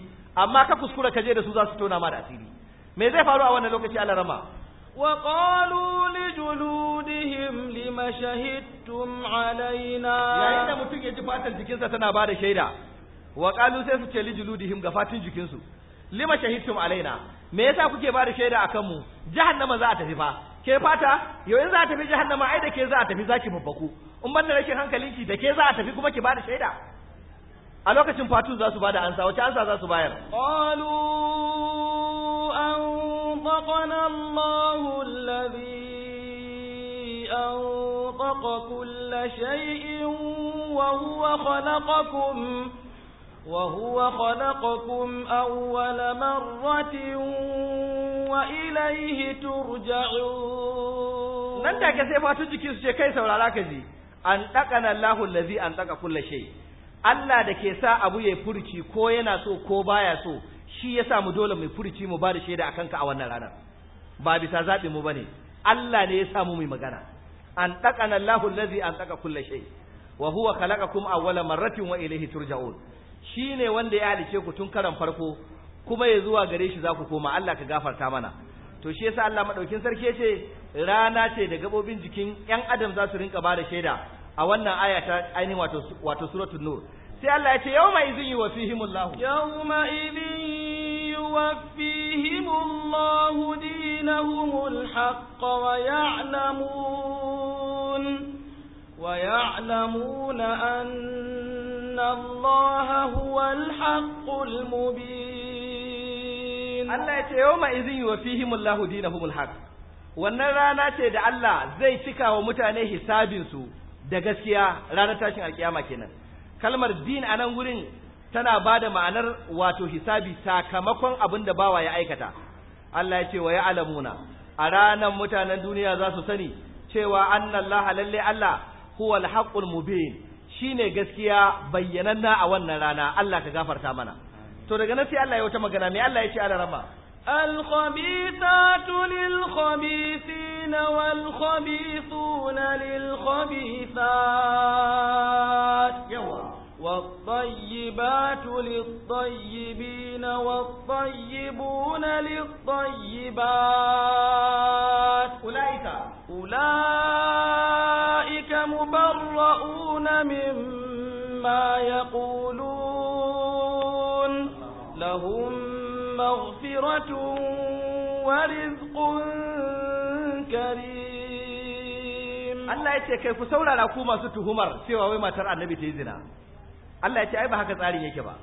amma ka kuskura ka je da su za su tona ma da asiri me zai faru a wannan lokaci Allah rama li juludihim lima shahidtum alaina. yayin da mutum ya ji fatan jikinsa tana ba da shaida wa qalu sai su ce juludihim ga fatan jikinsu lima shahidtum alaina me yasa kuke ba da shaida akan mu jahannama za ta tafi fa ke fata yau in za a tafi jahannama ai da ke za a tafi zaki babbaku in ban da rashin hankalinki da ke za a tafi kuma ki bada shaida a lokacin fatu za su bada ansa wace ansa za su bayar qalu anqana Allahu alladhi anfaqa kull shay'in wa huwa khalaqakum وهو خلقكم أول مرة وإليه ترجعون nan take sai fatu jiki su ce kai saurara ka ji an dakana Allahu an kulla Allah da ke sa abu ya furci ko yana so ko baya so shi ya mu dole mai furci mu bada da shaida akan ka a wannan ranar ba bisa zabi mu bane Allah ne ya samu mu magana an dakana Allahu allazi an daka kulla shay wa huwa khalaqakum awwala marratin wa ilayhi turja'un Shi ne wanda ya halice ku tun karan farko kuma ya zuwa gare shi za ku koma Allah ka gafarta mana to shi yasa Allah madaukin sarki ce rana ce da gabobin jikin yan adam za su rinka bada shaida a wannan aya ta ainihin wato wato suratul nur sai Allah ya ce yawma idhin yuwaffihimullahu yawma idhin yuwaffihimullahu dinahumul haqq wa ya'lamun wa ya'lamuna an إن الله هو الحق المبين الله يتي يوم إذن وفيهم الله دينهم الحق wannan rana ce da Allah zai cika wa mutane hisabinsu da gaskiya ranar tashin alkiyama kenan kalmar din a nan wurin tana ba da ma'anar wato hisabi sakamakon abin da bawa ya aikata Allah ya ce wa ya a ranar mutanen duniya za su sani cewa annallaha lalle Allah huwal haqqul mubin shi ne gaskiya bayyananna a wannan rana Allah ka gafarta mana to daga nan sai Allah ya wata magana me Allah ya ce ala rama الخبيثات للخبيثين والخبيثون للخبيثات والطيبات للطيبين والطيبون للطيبات أولئك أولئك مبرؤون مما يقولون لهم مغفرة ورزق كريم الله ya سولا لكم ku saurara ku masu tuhumar cewa wai Allah ya ce ai ba haka tsarin yake ba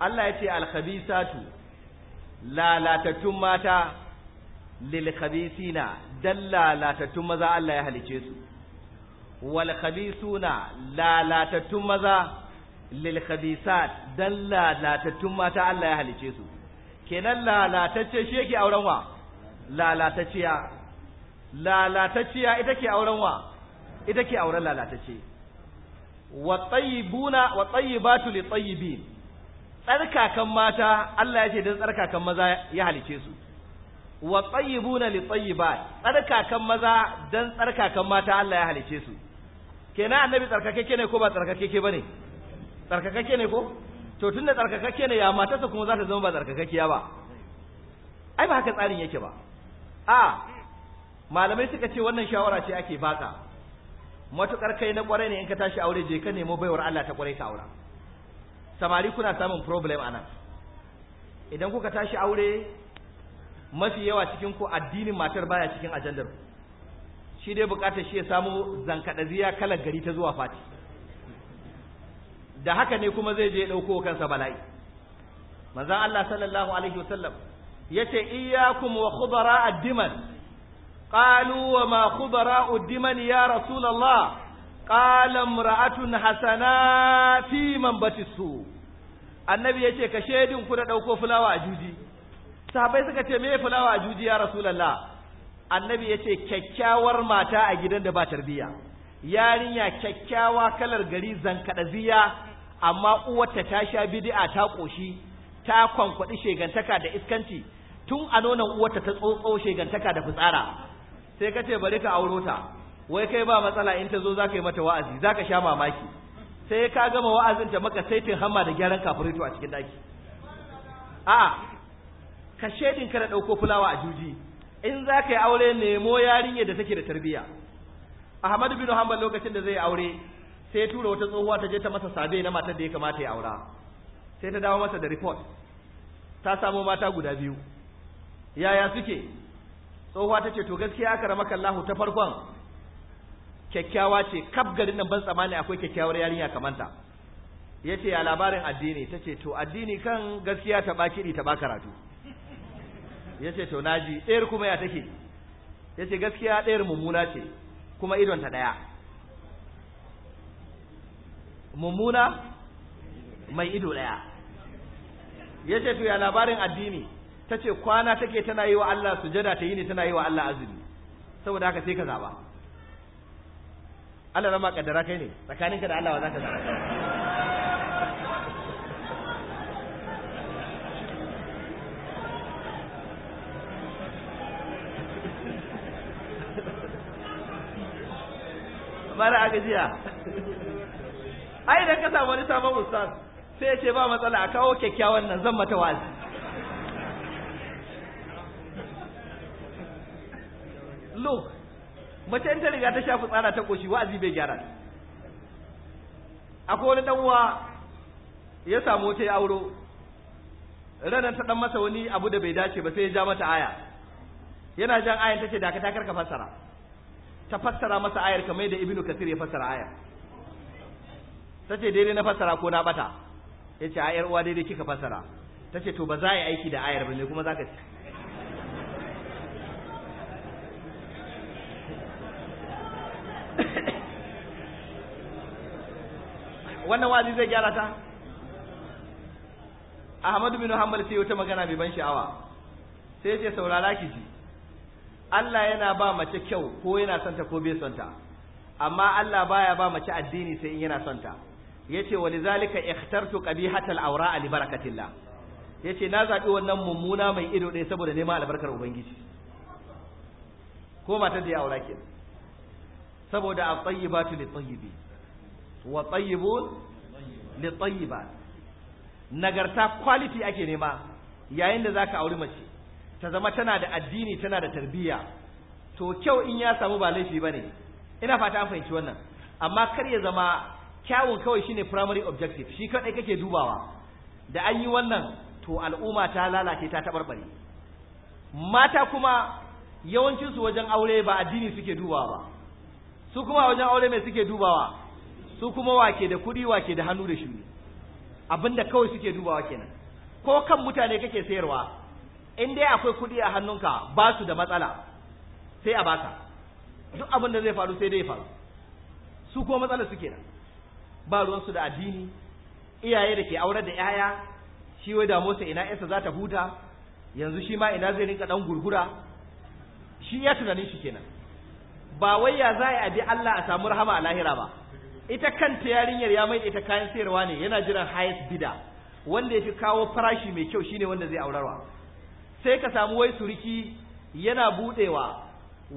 Allah ya ce alkhabisatu lalatattun mata lil khabisina dan lalatattun maza Allah ya halice su wal khabisuna lalatattun maza lil khabisat dan lalatattun mata Allah ya halice su kenan lalatacce shi yake auren wa lalatacciya lalatacciya ita ke auren wa ita ke auren lalatacce wa tayyibuna wa tayyibatu li tayyibin tsarkakan mata Allah ya ce dan tsarkakan maza ya halice su wa tayyibuna li tayyibat tsarkakan maza dan tsarkakan mata Allah ya halice su kenan annabi tsarkakakke ne ko ba tsarkakeke bane tsarkakakke ne ko to tunda tsarkakakke ne ya matarsa kuma za ta zama ba tsarkakakkiya ba ai ba haka tsarin yake ba a malamai suka ce wannan shawara ce ake baka Matuƙar kai na ƙwarai ne in ka tashi aure je ka nemo baiwar Allah ta ƙwarai ka aura samari kuna samun problem a nan. idan kuka tashi aure mafi yawa cikin ku addinin matar baya cikin ajandar shi dai buƙatar shi ya samu zankadaziya kalar gari ta zuwa fati da haka ne kuma zai je ɗauko kansa bala'i manzon Allah sallallahu alaihi wasallam yace iyyakum wa khudara ad-diman Ƙanuwa Makubara Udimani ya يا رسول الله قال امرأة حسنا في annabi ya ce ka shaidin ku ɗauko fulawa a juji sahabai suka ce me fulawa a juji ya rasulallah annabi ya ce kyakkyawar mata a gidan da ba tarbiyya yarinya kyakkyawa kalar gari zankaɗaziya amma uwarta ta sha bidi'a ta ƙoshi ta kwankwaɗi shegantaka da iskanci tun a nonon uwarta ta tsotso shegantaka da fitsara sai ka ce bari ka auro ta wai kai ba matsala in ta zo za ka yi mata wa'azi za ka sha mamaki sai ka gama wa'azin ta maka saitin hamma da gyaran kafirito a cikin daki a ka shedin ka da ɗauko fulawa a juji in za ka yi aure nemo yarinyar da take da tarbiyya ahmadu bin hanbal lokacin da zai aure sai tura wata tsohuwa ta je ta masa sabe na matar da ya kamata ya aura sai ta dawo masa da report ta samo mata guda biyu yaya suke tsohuwa ta ce to gaskiya aka rama kallahu ta farkon kyakkyawa ce kaf garin nan ban tsamani akwai kyakkyawar yarinya kamanta ya ce ya labarin addini ta ce to addini kan gaskiya ta ba kiɗi ta ba karatu ya ce to naji ɗayar kuma ya take ya ce gaskiya ɗayar mummuna ce kuma idonta ɗaya mummuna mai ido ɗaya ya ce to ya labarin addini ta ce kwana take tana yi wa Allah sujada ta yi ne tana yi wa Allah azumi saboda haka sai ka zaba Allah rama kaddara kai ne tsakaninka da Allah wa zaka zaba mara a gajiya ai da ka samu wani sabon ustaz sai ya ce ba matsala a kawo kyakkyawan nan zan mata wa'azi lo mace in ta riga ta shafi tsara ta koshi wa'azi bai gyara akwai wani dan uwa ya samu wata auro ranar ta dan masa wani abu da bai dace ba sai ya ja mata aya yana jan ayan tace da ka takar ka fassara ta fassara masa ayar kamar da ibnu kasir ya fassara ayar tace daidai na fassara ko na bata yace a yar uwa daidai kika fassara tace to ba za a yi aiki da ayar ba ne kuma zaka ci wannan wazi zai gyara ta Ahmadu bin Hanbal sai wata magana bai ban sha'awa sai ce saurara ki ji Allah yana ba mace kyau ko yana son ko bai son amma Allah baya ba mace addini sai in yana son ta yace wa lizalika ikhtartu qabihatal awra li barakatillah yace na zaɓi wannan mummuna mai ido ɗaya saboda neman albarkar ubangiji ko matar da ya aura ke saboda at-tayyibatu lit-tayyibi wa tayyibun li nagarta quality ake nema yayin da za ka auri mace ta zama tana da addini tana da tarbiyya to kyau in ya samu ba laifi ba ne, ina fata an fahimci wannan amma kar ya zama kyawun kawai shine primary objective shi kaɗai kake dubawa da an yi wannan to al'umma ta lalace ta tabarbare mata kuma yawancinsu wajen aure ba addini suke dubawa ba su kuma wajen aure mai suke dubawa su kuma wake da kuɗi wake da hannu da shuni abinda kawai suke dubawa kenan ko kan mutane kake sayarwa in dai akwai kuɗi a hannunka ba su da matsala sai a baka duk abin da zai faru sai dai faru su kuma matsala suke nan ba ruwan su da addini iyaye da ke aurar da 'ya'ya shi wai motsa ina yasa za ta huta yanzu shi ma ina zai rinka ɗan gurgura shi ya tunanin shi kenan ba wai ya za a bi Allah a samu rahama a lahira ba ita kanta yarinyar ya mai ita kayan sayarwa ne yana jiran highest bidder wanda yafi kawo farashi mai kyau shine wanda zai aurarwa sai ka samu wai suriki yana budewa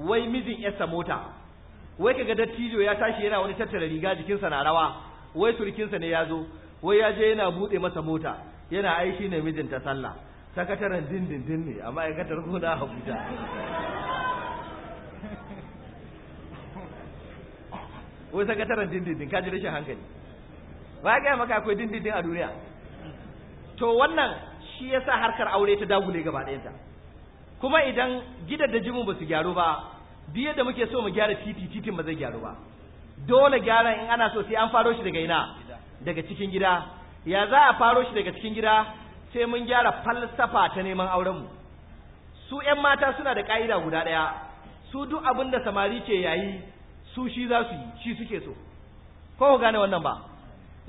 wai mijin yarsa mota wai kaga dattijo ya tashi yana wani tattara riga jikinsa na rawa wai surukinsa ne ya zo wai ya je yana bude masa mota yana aishi ne mijinta sallah sakataren dindindin ne a ma'aikatar gona Abuja ko sakataren dindindin ka ji rashin hankali ba ga maka akwai dindindin a duniya to wannan shi yasa harkar aure ta dagule gaba ta kuma idan gidan da jimu ba su gyaru ba biye da muke so mu gyara titi titin ba zai gyaru ba dole gyaran in ana so sai an faro shi daga ina daga cikin gida ya za a faro shi daga cikin gida sai mun gyara falsafa ta neman auren mu su 'yan mata suna da ƙa'ida guda ɗaya su duk abin da samari ce yayi su shi za su yi shi suke so ko ku gane wannan ba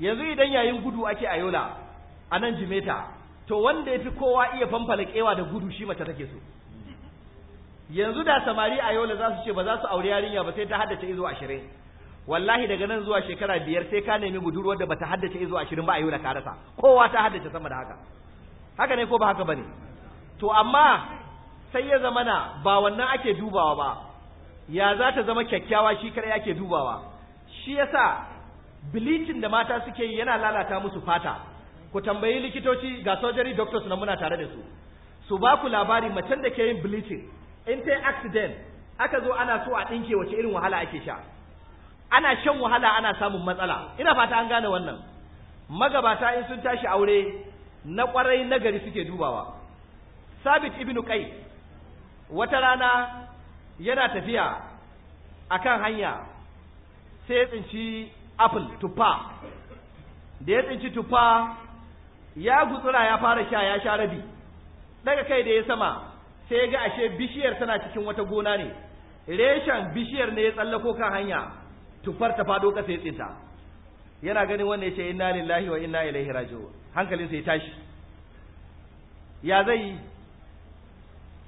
yanzu idan yayin gudu ake a yola a nan jimeta to wanda ya fi kowa iya fanfala kewa da gudu shi mace take so yanzu da samari a yola za su ce ba za su aure yarinya ba sai ta haddace izo ashirin wallahi daga nan zuwa shekara biyar sai ka nemi budurwar da bata haddace izo ashirin ba a yola ka rasa kowa ta haddace sama da haka haka ne ko ba haka bane to amma sai ya zamana ba wannan ake dubawa ba ya za ta zama kyakkyawa shi kare yake dubawa shi yasa bleaching da mata suke yi yana lalata musu fata ku tambayi likitoci ga surgery doctors na muna tare da su su ba ku labari macen da ke yin bleaching in ta accident aka zo ana so a ɗinke wace irin wahala ake sha ana shan wahala ana samun matsala ina fata an gane wannan magabata in sun tashi aure na kwarai nagari suke dubawa sabit ibnu kai wata rana yana tafiya akan hanya sai ya tsinci apple tuffa da ya tsinci tuffa ya gutsura ya fara sha ya sha rabi daga kai da ya sama sai ya ga ashe bishiyar tana cikin wata gona ne reshen bishiyar ne ya tsallako kan hanya tuffar ta fado kasa ya tsinta yana ganin wanda ya ce inna lillahi wa inna ilaihi raji'un hankalinsa ya tashi ya zai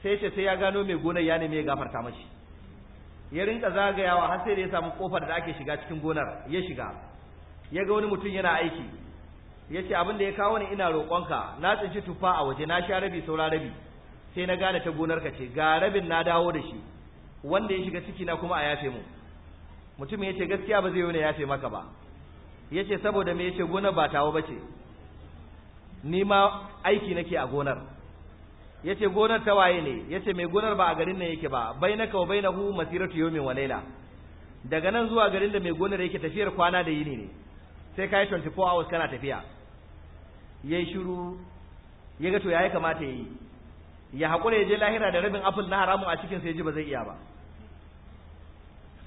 sai ce sai ya gano mai gonar ya nemi ya gafarta mashi ya rinka zagayawa har sai da ya samu kofar da ake shiga cikin gonar ya shiga ya ga wani mutum yana aiki ya ce abin da ya kawo ni ina roƙonka na tsinci tufa a waje na sha rabi saura rabi sai na gane ta gonar ka ce ga rabin na dawo da shi wanda ya shiga ciki na kuma a yafe mu mutumin ya ce gaskiya ba zai yi wani yafe maka ba ya ce saboda me ya ce gonar ba tawo ba ce ni ma aiki nake a gonar yace gonar ta waye ne yace mai gonar ba a garin nan yake ba bai na bainaka wa bainahu masiratu yawmin wa laila daga nan zuwa garin da mai gonar yake tafiyar kwana da yini ne sai kai 24 hours kana tafiya yayi shiru ya ga to yayi kamata yayi ya hakura ya je lahira da rabin apple na haramun a cikin sai ji ba zai iya ba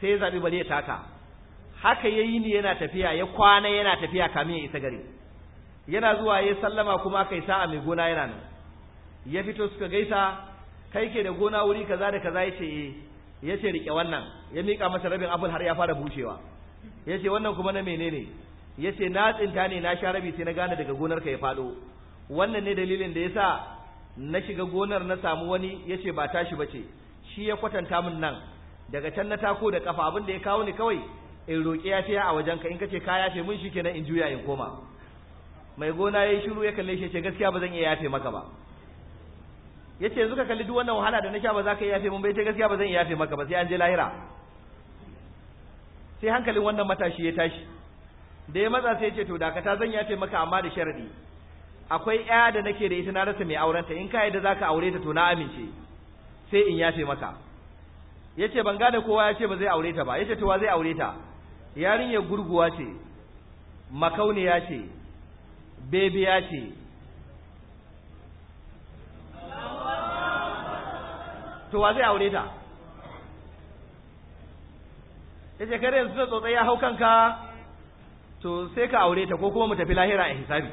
sai ya zabi bare ya taka haka yayi ni yana tafiya ya kwana yana tafiya kamin ya isa gari yana zuwa ya sallama kuma kai sa'a mai gona yana nan ya fito suka gaisa kai ke da gona wuri kaza da kaza yace eh yace rike wannan ya mika masa rabin abul har ya fara bushewa yace wannan kuma na menene yace na tsinta ne na sha rabi sai na gane daga gonar ka ya fado wannan ne dalilin da yasa na shiga gonar na samu wani yace ba tashi bace shi ya kwatanta min nan daga can na tako da kafa abin da ya kawo ni kawai in roƙi ya ce a wajenka in kace ka yafe min shikenan in juya in koma mai gona yayi shiru ya kalle shi ce gaskiya ba zan iya yafe maka ba yace yanzu ka kalli duk wannan wahala da na sha ba za ka yafe mun bai ta gaskiya ba zan yafe maka ba sai an je lahira sai hankalin wannan matashi ya tashi da ya matsa sai yace ce to dakata zan yafe maka amma da sharadi akwai ya da nake da ita na rasa mai aurenta in ka yadda za ka aure ta to na amince sai in yafe maka yace ban gane kowa yace ba zai aure ta ba yace to wa zai aure ta yarinyar gurguwa ce makauniya ce bebiya ce to wa zai aure ta yace kare yanzu da tsotsai ya hau kanka to sai ka aure ta ko kuma mu tafi lahira a hisabi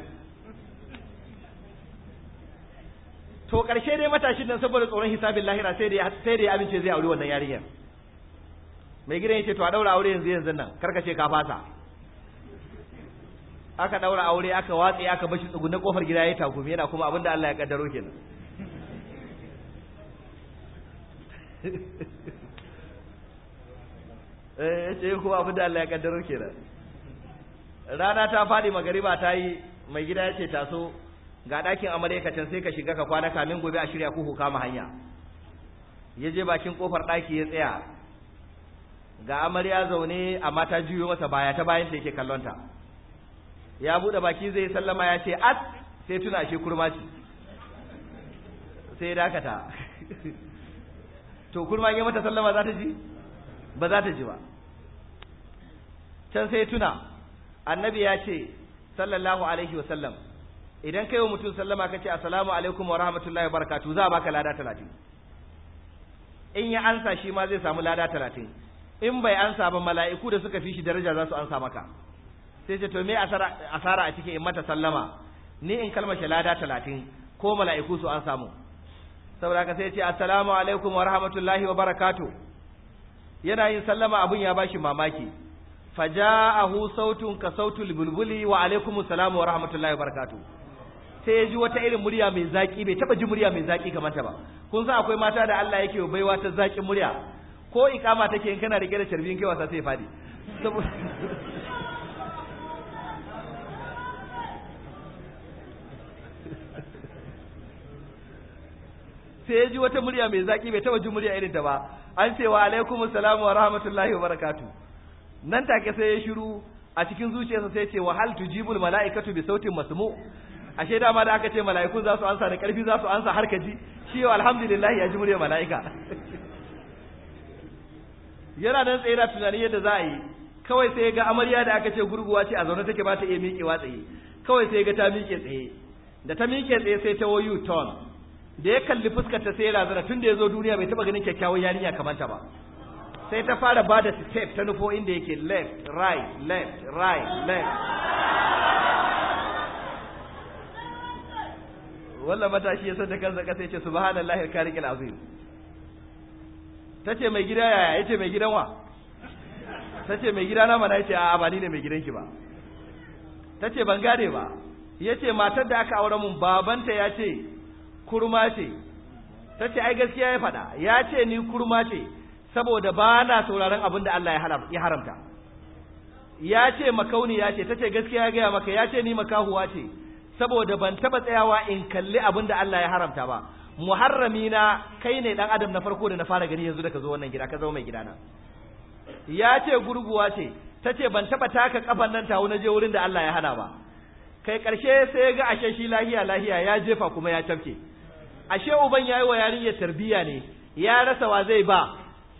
to karshe dai matashin nan saboda tsoron hisabin lahira sai da sai ya amince zai aure wannan yarinyar mai gidan yace to a daura aure yanzu yanzu nan karkace ka fasa aka daura aure aka watse aka bashi tsugunne kofar gida ya takumi yana kuma abinda Allah ya kaddaro kenan eh ce ko abu da Allah ya kenan rana ta fadi magariba ta yi mai gida ya ce taso ga ɗakin amarya ka can sai ka shiga ka kwana kamin gobe a shirya ku hukama hanya ya je bakin kofar ɗaki ya tsaya ga amarya zaune amma ta juyo masa baya ta bayan da yake kallon ya bude baki zai sallama ya ce at sai tuna shi kurma ce sai dakata to kurma yi mata sallama za ta ji ba za ta ji ba can sai tuna annabi ya ce sallallahu alaihi wa sallam idan kai wa mutum sallama ka ce assalamu alaikum wa rahmatullahi wa barakatuh za a baka lada talatin in ya ansa shi ma zai samu lada talatin in bai ansa ba mala'iku da suka fi shi daraja za su ansa maka sai ce to me asara a cikin in mata sallama ni in kalmar lada talatin ko mala'iku su an samu saboda ka sai ce assalamu alaikum wa rahmatullahi wa barakatu yana yin sallama abun ya bashi mamaki faja'ahu sautun ka sautul bulbuli wa alaikum assalamu wa rahmatullahi wa barakatu sai ya ji wata irin murya mai zaki bai taba ji murya mai zaki kamar ta ba kun san akwai mata da Allah yake baiwa ta zakin murya ko ikama take in kana rike da sharbin kai wasa sai fadi sai ya ji wata murya mai zaki bai taba ji murya irin ta ba an ce wa alaikum salamu wa rahmatullahi wa barakatu nan take sai ya shiru a cikin zuciyarsa sai ce wa hal tujibul malaikatu bi sautin masmu ashe ma da aka ce mala'ikun za su ansa da karfi za su ansa har ka ji shi yau alhamdulillah ya ji murya mala'ika <laughs> yana nan tsaye da tunanin yadda za a yi kawai sai ga amarya da aka ce gurguwa ce a zaune take ba ta iya miƙewa tsaye kawai sai ga ta miƙe tsaye da ta miƙe tsaye sai ta wayu ton da ya kalli fuskar ta sai ya razana tun da ya zo duniya bai taba ganin kyakkyawan yarinya kamar ta ba sai ta fara ba da step ta nufo inda yake left right left right left walla matashi ya sanda kansa kasa yace subhanallahi al-khaliqil azim tace mai gida yaya yace mai gidan wa tace mai gida na mana yace a'a ba ni ne mai gidanki ba tace ban gane ba yace matar da aka aure mun babanta yace kurma ce ta ce ai gaskiya ya faɗa ya ce ni kurma ce saboda ba na sauraron abin da Allah ya haramta ya ce makauni ya ce ta ce gaskiya ya gaya maka ya ce ni makahuwa ce saboda ban taɓa tsayawa in kalli abin da Allah ya haramta ba muharrami na kai ne dan adam na farko da na fara gani yanzu da ka zo wannan gida ka zo mai gidana ya ce gurguwa ce ta ce ban taɓa taka kafan nan tawo na je wurin da Allah ya hana ba kai ƙarshe sai ya ga ashe shi lahiya lahiya ya jefa kuma ya tafke ashe uban yayi wa yarinya tarbiya ne ya rasa wa zai ba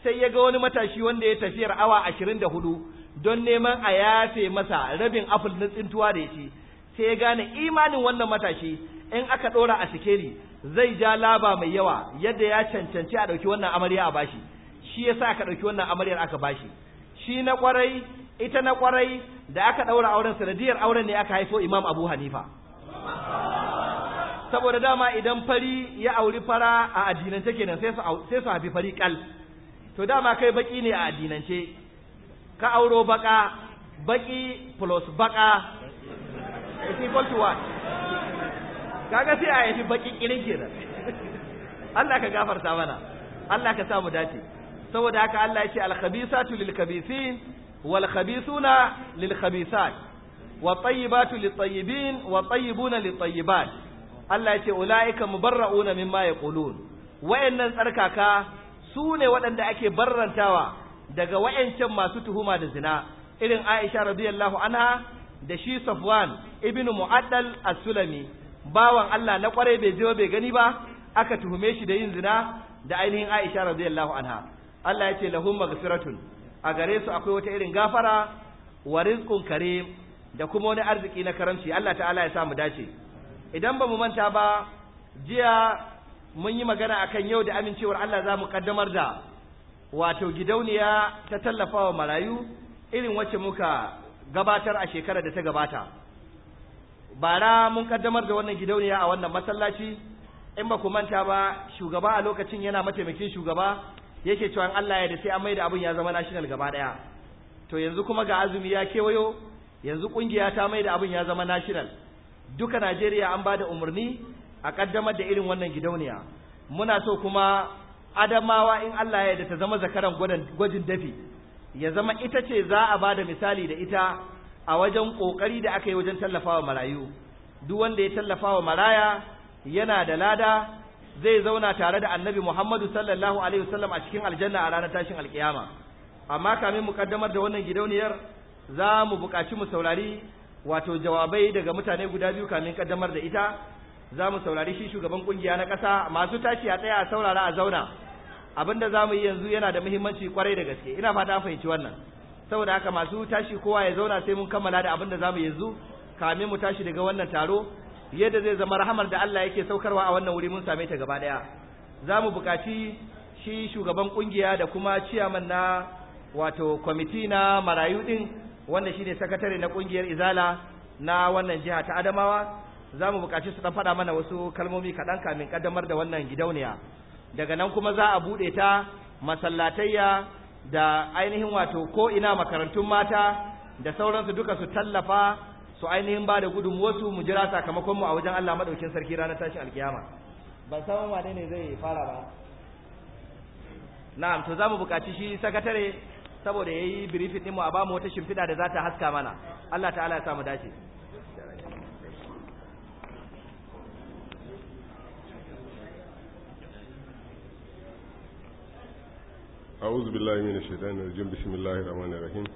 sai ya ga wani matashi wanda ya tafiyar awa ashirin da hudu don neman a yafe masa rabin apple na tsintuwa da ya ci sai ya gane imanin wannan matashi in aka ɗora a sikeri zai ja laba mai yawa yadda ya cancanci a ɗauki wannan amarya a bashi shi yasa aka ɗauki wannan amaryar aka bashi shi na kwarai ita na kwarai da aka ɗaura auren sanadiyar auren ne aka haifo imam abu hanifa saboda dama idan fari ya auri fara a addinance kenan sai su sai su hafi fari kal to dama kai baki ne a addinance ka auro baka baki plus baka is equal to what kaga sai a fi baki kirin kenan Allah ka gafarta mana Allah ka sa mu dace saboda haka Allah ya ce al-khabisatu lil-khabisin wal-khabisuna lil-khabisat wa tayyibatu lit-tayyibin wa tayyibuna lit-tayyibat Allah ya ce ulaika mubarra'una mimma yaqulun wayannan tsarkaka su ne waɗanda ake barrantawa daga wayancan masu tuhuma da zina irin Aisha radiyallahu anha da shi Safwan ibn Mu'addal as-Sulami bawan Allah na kwarai bai je bai gani ba aka tuhume shi da yin zina da ainihin Aisha radiyallahu anha Allah ya ce lahum maghfiratun a gare su akwai wata irin gafara wa rizqun karim da kuma wani arziki na karamci Allah ta'ala ya sa mu dace idan ba mu manta ba jiya mun yi magana akan yau da amincewar Allah za mu kaddamar da wato gidauniya ta tallafawa marayu irin wacce muka gabatar a shekarar da ta gabata bara mun kaddamar da wannan gidauniya a wannan masallaci in ba ku manta ba shugaba a lokacin yana mataimakin shugaba yake cewa Allah ya da sai an maida abin ya zama national gaba daya to yanzu kuma ga azumi ya kewayo yanzu kungiya ta maida abin ya zama national duka Najeriya an ba da umarni a kaddamar da irin wannan gidauniya muna so kuma adamawa in Allah ya da ta zama zakaran gwajin dafi ya zama ita ce za a ba da misali da ita a wajen ƙoƙari da aka yi wajen tallafawa marayu duk wanda ya tallafawa maraya yana da lada zai zauna tare da annabi Muhammadu sallallahu alaihi wasallam a cikin aljanna a ranar tashin alkiyama amma kamin mu kaddamar da wannan gidauniyar za mu buƙaci mu saurari wato jawabai daga mutane guda biyu kamin kaddamar da ita za mu saurari shi shugaban kungiya na ƙasa masu tashi a tsaya a saurara a zauna abinda za mu yi yanzu yana da muhimmanci kwarai da gaske ina fata an fahimci wannan saboda haka masu tashi kowa ya zauna sai mun kammala da abinda za mu yanzu kamin mu tashi daga wannan taro yadda zai zama rahamar da Allah yake saukarwa a wannan wuri mun same ta gaba daya za mu buƙaci shi shugaban kungiya da kuma ciyaman na wato kwamiti na marayu din wanda shine sakatare na kungiyar izala na wannan jiha ta adamawa za mu buƙaci su ɗan faɗa mana wasu kalmomi kaɗan kamin ƙaddamar da wannan gidauniya daga nan kuma za a buɗe ta masallatayya da ainihin wato ko ina makarantun mata da sauransu duka su tallafa su ainihin ba da gudunmuwarsu mu jira sakamakon mu a wajen Allah maɗaukin sarki ranar tashin alkiyama ban san wane ne zai fara ba na'am to za mu buƙaci shi sakatare saboda yayi briefing din mu a ba bamu wata shimfida da za ta haska mana Allah ta'ala ya samu dace أعوذ بالله من الشيطان الرجيم بسم الله الرحمن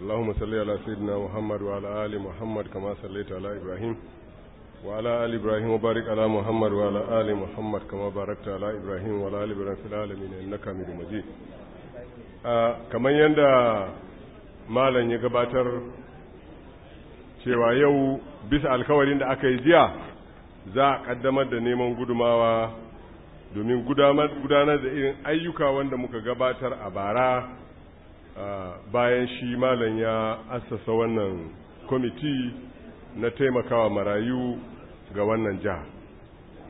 اللهم صل على سيدنا محمد وعلى آل محمد كما صليت على إبراهيم وعلى آل إبراهيم وبارك على محمد وعلى آل محمد كما باركت على إبراهيم وعلى آل إبراهيم في العالمين إنك حميد مجيد kamar yadda malam ya gabatar cewa yau bisa alkawarin da aka yi jiya za a kaddamar da neman gudumawa domin gudanar da irin ayyuka wanda muka gabatar a bara bayan shi malam ya assasa wannan kwamiti na taimakawa marayu ga wannan jiha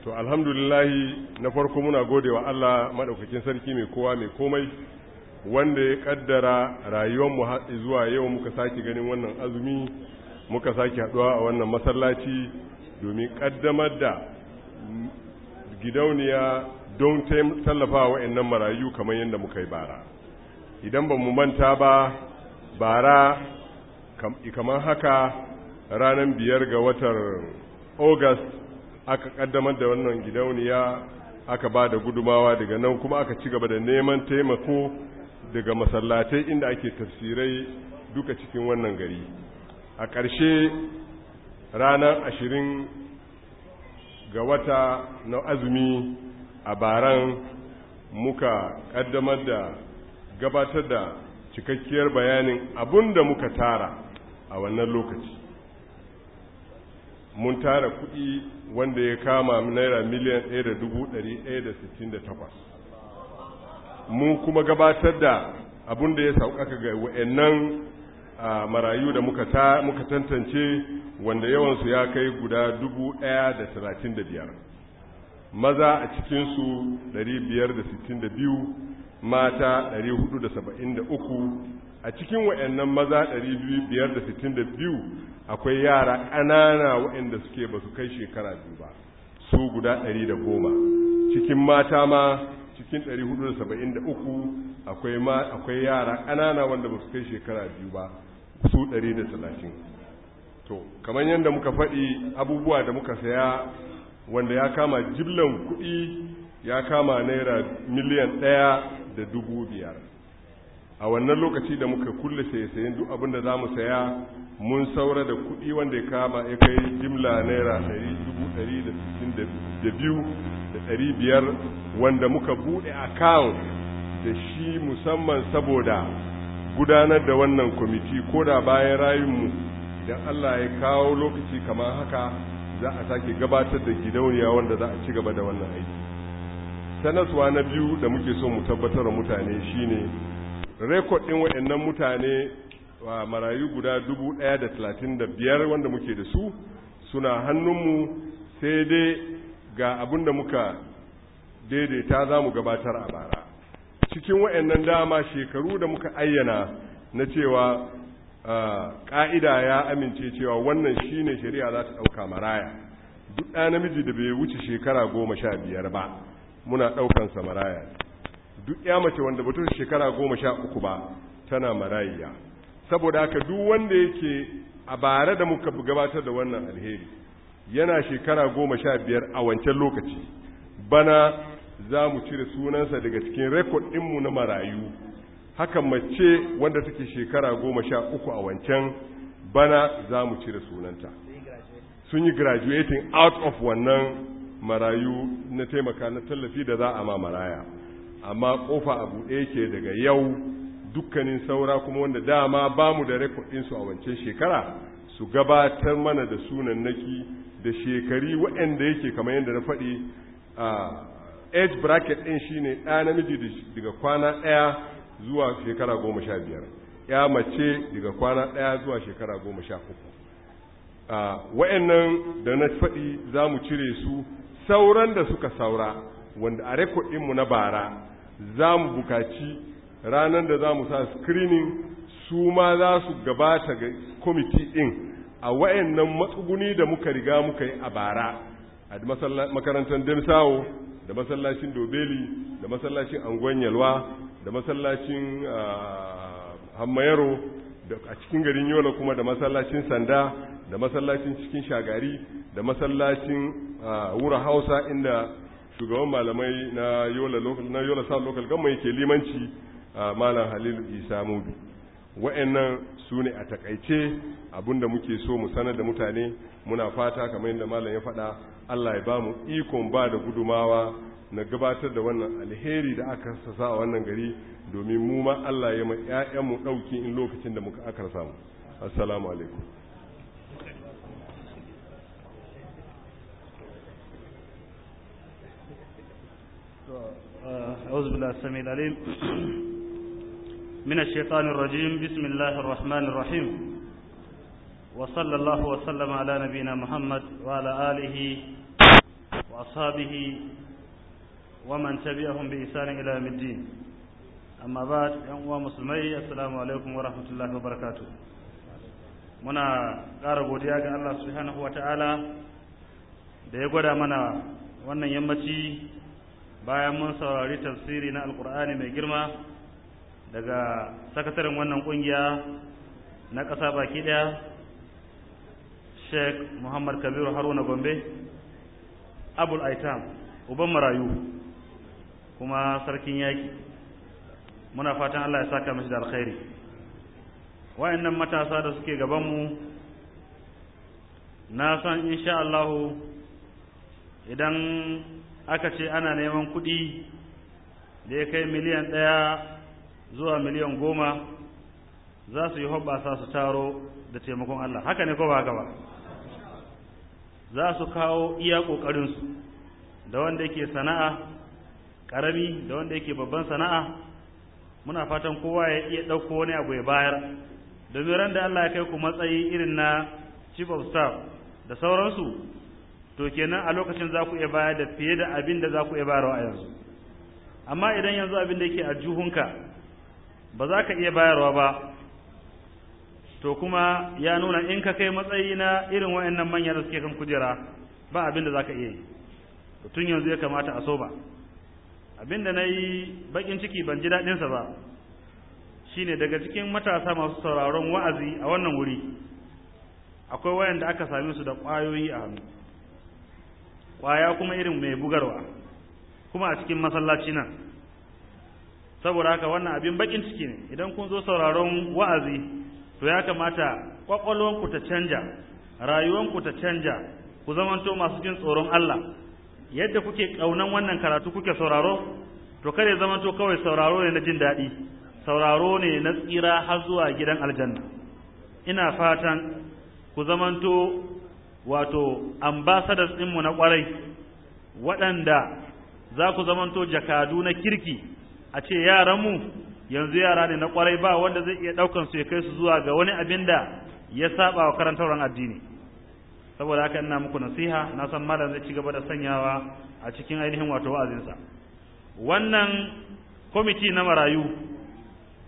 to alhamdulillahi na farko muna gode wa Allah maɗaukakin sarki mai kowa mai komai wanda ya kaddara rayuwarmu zuwa yau muka sake ganin wannan azumi muka sake haduwa a wannan masallaci domin kaddamar da gidauniya don tallafa wa'annan marayu kamar yadda muka yi bara idan ba mu manta ba bara kamar haka ranar biyar ga watan august aka kaddamar da wannan gidauniya aka ba da gudumawa daga nan kuma aka ci gaba da neman taimako daga masallatai inda ake tafsirai duka cikin wannan gari a ƙarshe ranar ashirin ga wata na azumi a baran muka ƙaddamar da gabatar da cikakkiyar bayanin abun da muka tara a wannan lokaci mun tara kuɗi wanda ya kama naira miliyan 1,168 mun kuma gabatar da abun da ya sauƙaƙa ga wa'annan marayu da muka ta muka tantance wanda yawansu ya kai guda dubu ɗaya da talatin da biyar maza a cikinsu ɗari biyar da sittin da biyu mata ɗari hudu da saba'in da uku a cikin wa'annan maza ɗari biyar da sittin da biyu akwai yara ƙanana wa'anda suke ba su kai shekara biyu ba su guda ɗari da goma cikin mata ma cikin 473 akwai ma akwai yara ƙanana wanda ba su kai shekara biyu ba su 130 to kamar yadda muka faɗi abubuwa da muka saya wanda ya kama jiblan kuɗi ya kama naira miliyan ɗaya da dubu biyar a wannan lokaci da muka kulle saye-sayen duk abin da za mu saya mun saura da kuɗi wanda ya kama ya kai jimla naira ɗari da wanda muka bude account da shi musamman saboda gudanar da wannan kwamiti ko da bayan rayunmu idan Allah ya kawo lokaci kamar haka za a sake gabatar da gidauniya wanda za a ci gaba da wannan aiki sanaswa na biyu da muke so mu tabbatar da mutane shine ne ɗin waɗannan mutane wa marayu guda dubu ɗaya da talatin da biyar wanda muke da su suna hannunmu sai dai ga abin da muka daidaita za mu gabatar a bara cikin wa'annan dama shekaru da muka ayyana na cewa ƙa'ida ya amince cewa wannan shine shari'a za ta ɗauka maraya duk ɗaya namiji da bai wuce shekara goma sha biyar ba muna ɗaukansa maraya duk ya mace wanda ba ta shekara goma sha uku ba tana marayiya saboda haka duk wanda yake a bara da muka gabatar da wannan alheri yana shekara goma sha biyar a wancan lokaci bana za mu cire sunansa daga cikin rekod ɗinmu na marayu hakan mace wanda take shekara goma sha uku a wancan bana za mu cire sunanta sun yi graduating out of wannan marayu na taimaka na tallafi da za a ma maraya amma kofa a buɗe yake daga yau dukkanin saura kuma wanda dama ba mu da rekodinsu a wancan shekara su gabatar mana da sunan naki da shekari waɗanda yake kamar yadda na faɗi a age bracket ɗin shine ɗa namiji daga kwana ɗaya zuwa shekara goma sha biyar ya mace daga kwana ɗaya zuwa shekara goma sha uku wa'annan da na faɗi za mu cire su sauran da suka saura wanda a rekodinmu na bara za mu bukaci ranar da za mu sa screening su ma za su gabata ga kwamiti ɗin a wa'annan matsuguni da muka riga muka yi a bara a makarantar demsawo da masallacin dobeli da masallacin angon yalwa da masallacin ah, hammayaro a cikin garin yola kuma da masallacin sanda da masallacin cikin shagari da masallacin ah, wura hausa inda shugaban malamai na yola na yola south local gamma yake limanci ah, malam halilu isa Mubi. wa'annan su ne a takaice abinda muke so mu sanar da mutane muna fata kamar yadda malam ya faɗa Allah ya ba mu ikon ba da gudumawa na gabatar da wannan alheri da aka sasa a wannan gari domin mu ma Allah ya ma ƴaƴanmu ɗauki in lokacin da muka aka samu assalamu alaikum أعوذ بالله السميع العليم من الشيطان الرجيم بسم الله الرحمن الرحيم وصلى الله وسلم على نبينا محمد وعلى آله وأصحابه ومن تبعهم بإحسان إلى يوم الدين أما بعد يوم مسلمي السلام عليكم ورحمة الله وبركاته منا ƙara godiya الله سبحانه وتعالى wa منا وانا يمتي بايا منصر لتفسيرنا yammaci bayan mun daga sakataren wannan kungiya na ƙasa baki ɗaya sheikh muhammad kabiru haruna gombe abul aitam uban marayu kuma sarkin yaki muna fatan allah ya saka masu da alkhairi wa'annan matasa da suke gabanmu na san insha allahu idan aka ce ana neman kuɗi da ya kai miliyan ɗaya zuwa miliyan goma za su yi hoɓɓasa su taro da taimakon allah haka ne ko ba haka ba za su kawo iya ƙoƙarinsu da wanda yake sana'a ƙarami da wanda yake babban sana'a muna fatan kowa ya iya ɗauko wani abu ya bayar domin ran da Allah ya kai ku matsayi irin na chief of staff da sauransu to kenan a lokacin za ku iya bayar da fiye da abin da za ku iya bayarwa a yanzu amma idan yanzu abin da yake a juhunka ba za ka iya bayarwa ba to kuma ya nuna in ka kai matsayi na irin wayannan manya da suke kan kujera ba abin da za ka iya yi tun yanzu ya kamata a so ba. abin da na yi baƙin ciki ban ji daɗinsa sa ba shine daga cikin matasa masu sauraron wa'azi a wannan wuri akwai wayanda aka same su da kwayoyi a hannu kwaya kuma irin mai bugarwa kuma a cikin masallaci nan saboda haka wannan abin bakin ciki ne idan kun zo sauraron wa'azi to ya kamata kwakwalwanku ta canja rayuwanku ta canja ku zamanto masu jin tsoron Allah yadda kuke kaunan wannan karatu kuke sauraro to kare zamanto kawai sauraro ne na jin daɗi sauraro ne na tsira har zuwa gidan aljanna ina fatan ku zamanto wato ambassadors ɗinmu na kwarai waɗanda za ku zamanto jakadu na kirki a ce yaran mu. yanzu yara ne na kwarai ba wanda zai iya daukan su ya kai su zuwa ga wani abin da ya saba wa karantarwar addini saboda haka ina muku nasiha na san malam zai ci gaba da sanyawa a cikin ainihin wato wa'azinsa wannan kwamiti na marayu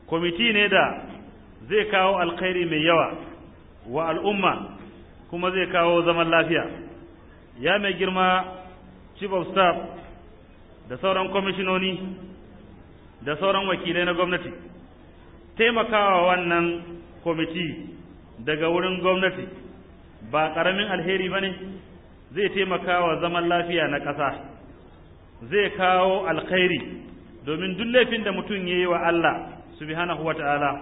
kwamiti ne da zai kawo alkhairi mai yawa wa al'umma kuma zai kawo zaman lafiya ya mai girma chief of staff da sauran kwamishinoni da sauran wakilai na gwamnati taimakawa wannan kwamiti daga wurin gwamnati ba ƙaramin alheri ba ne zai taimakawa zaman lafiya na ƙasa zai kawo alkhairi domin duk laifin da mutum ya yi wa Allah subhanahu Huwa ta'ala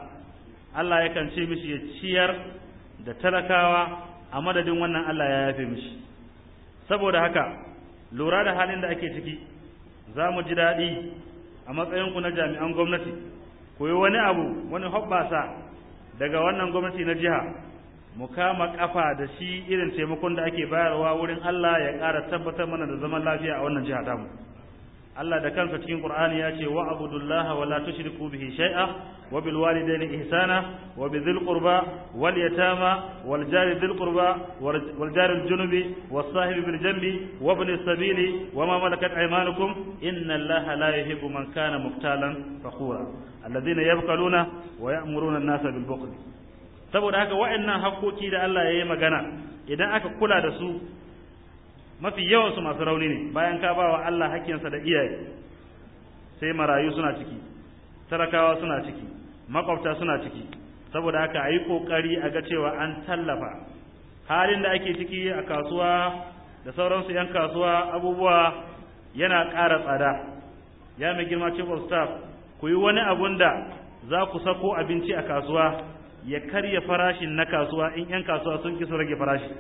Allah ya ce mishi ya ciyar da talakawa a madadin wannan Allah ya yafe mishi saboda haka lura da halin da ake ciki za mu ji daɗi a matsayinku na jami'an gwamnati ku yi wani abu wani hoɓasa daga wannan gwamnati na jiha mu kama kafa da shi irin taimakon da ake bayarwa wurin Allah ya ƙara tabbatar mana da zaman lafiya a wannan jiha tamu Allah da kansa cikin Qur'ani ya ce wa abudullaha wa la tushriku bihi shay'a wa bil walidayni ihsana wa bi dhil qurba wal yatama wal jari dhil qurba wal jari al junubi was sahibi bil janbi wa ibn sabili wa ma malakat aymanukum inna Allaha la yuhibbu man kana muftalan fakhura alladhina yabqaluna wa ya'muruna an-nasa bil bukhl saboda haka wa'annan hakkoki da Allah ya yi magana idan aka kula da su mafi yawan su masu rauni ne bayan ka ba wa Allah hakkinsa da iyaye sai marayu suna ciki talakawa suna ciki makwabta suna ciki saboda haka a yi ƙoƙari a ga cewa an tallafa halin da ake ciki a kasuwa da sauransu 'yan kasuwa abubuwa yana ƙara tsada ya mai girma chief of staff ku yi wani abun da za ku sako abinci a kasuwa ya karya farashin na kasuwa in 'yan kasuwa sun kisa rage farashi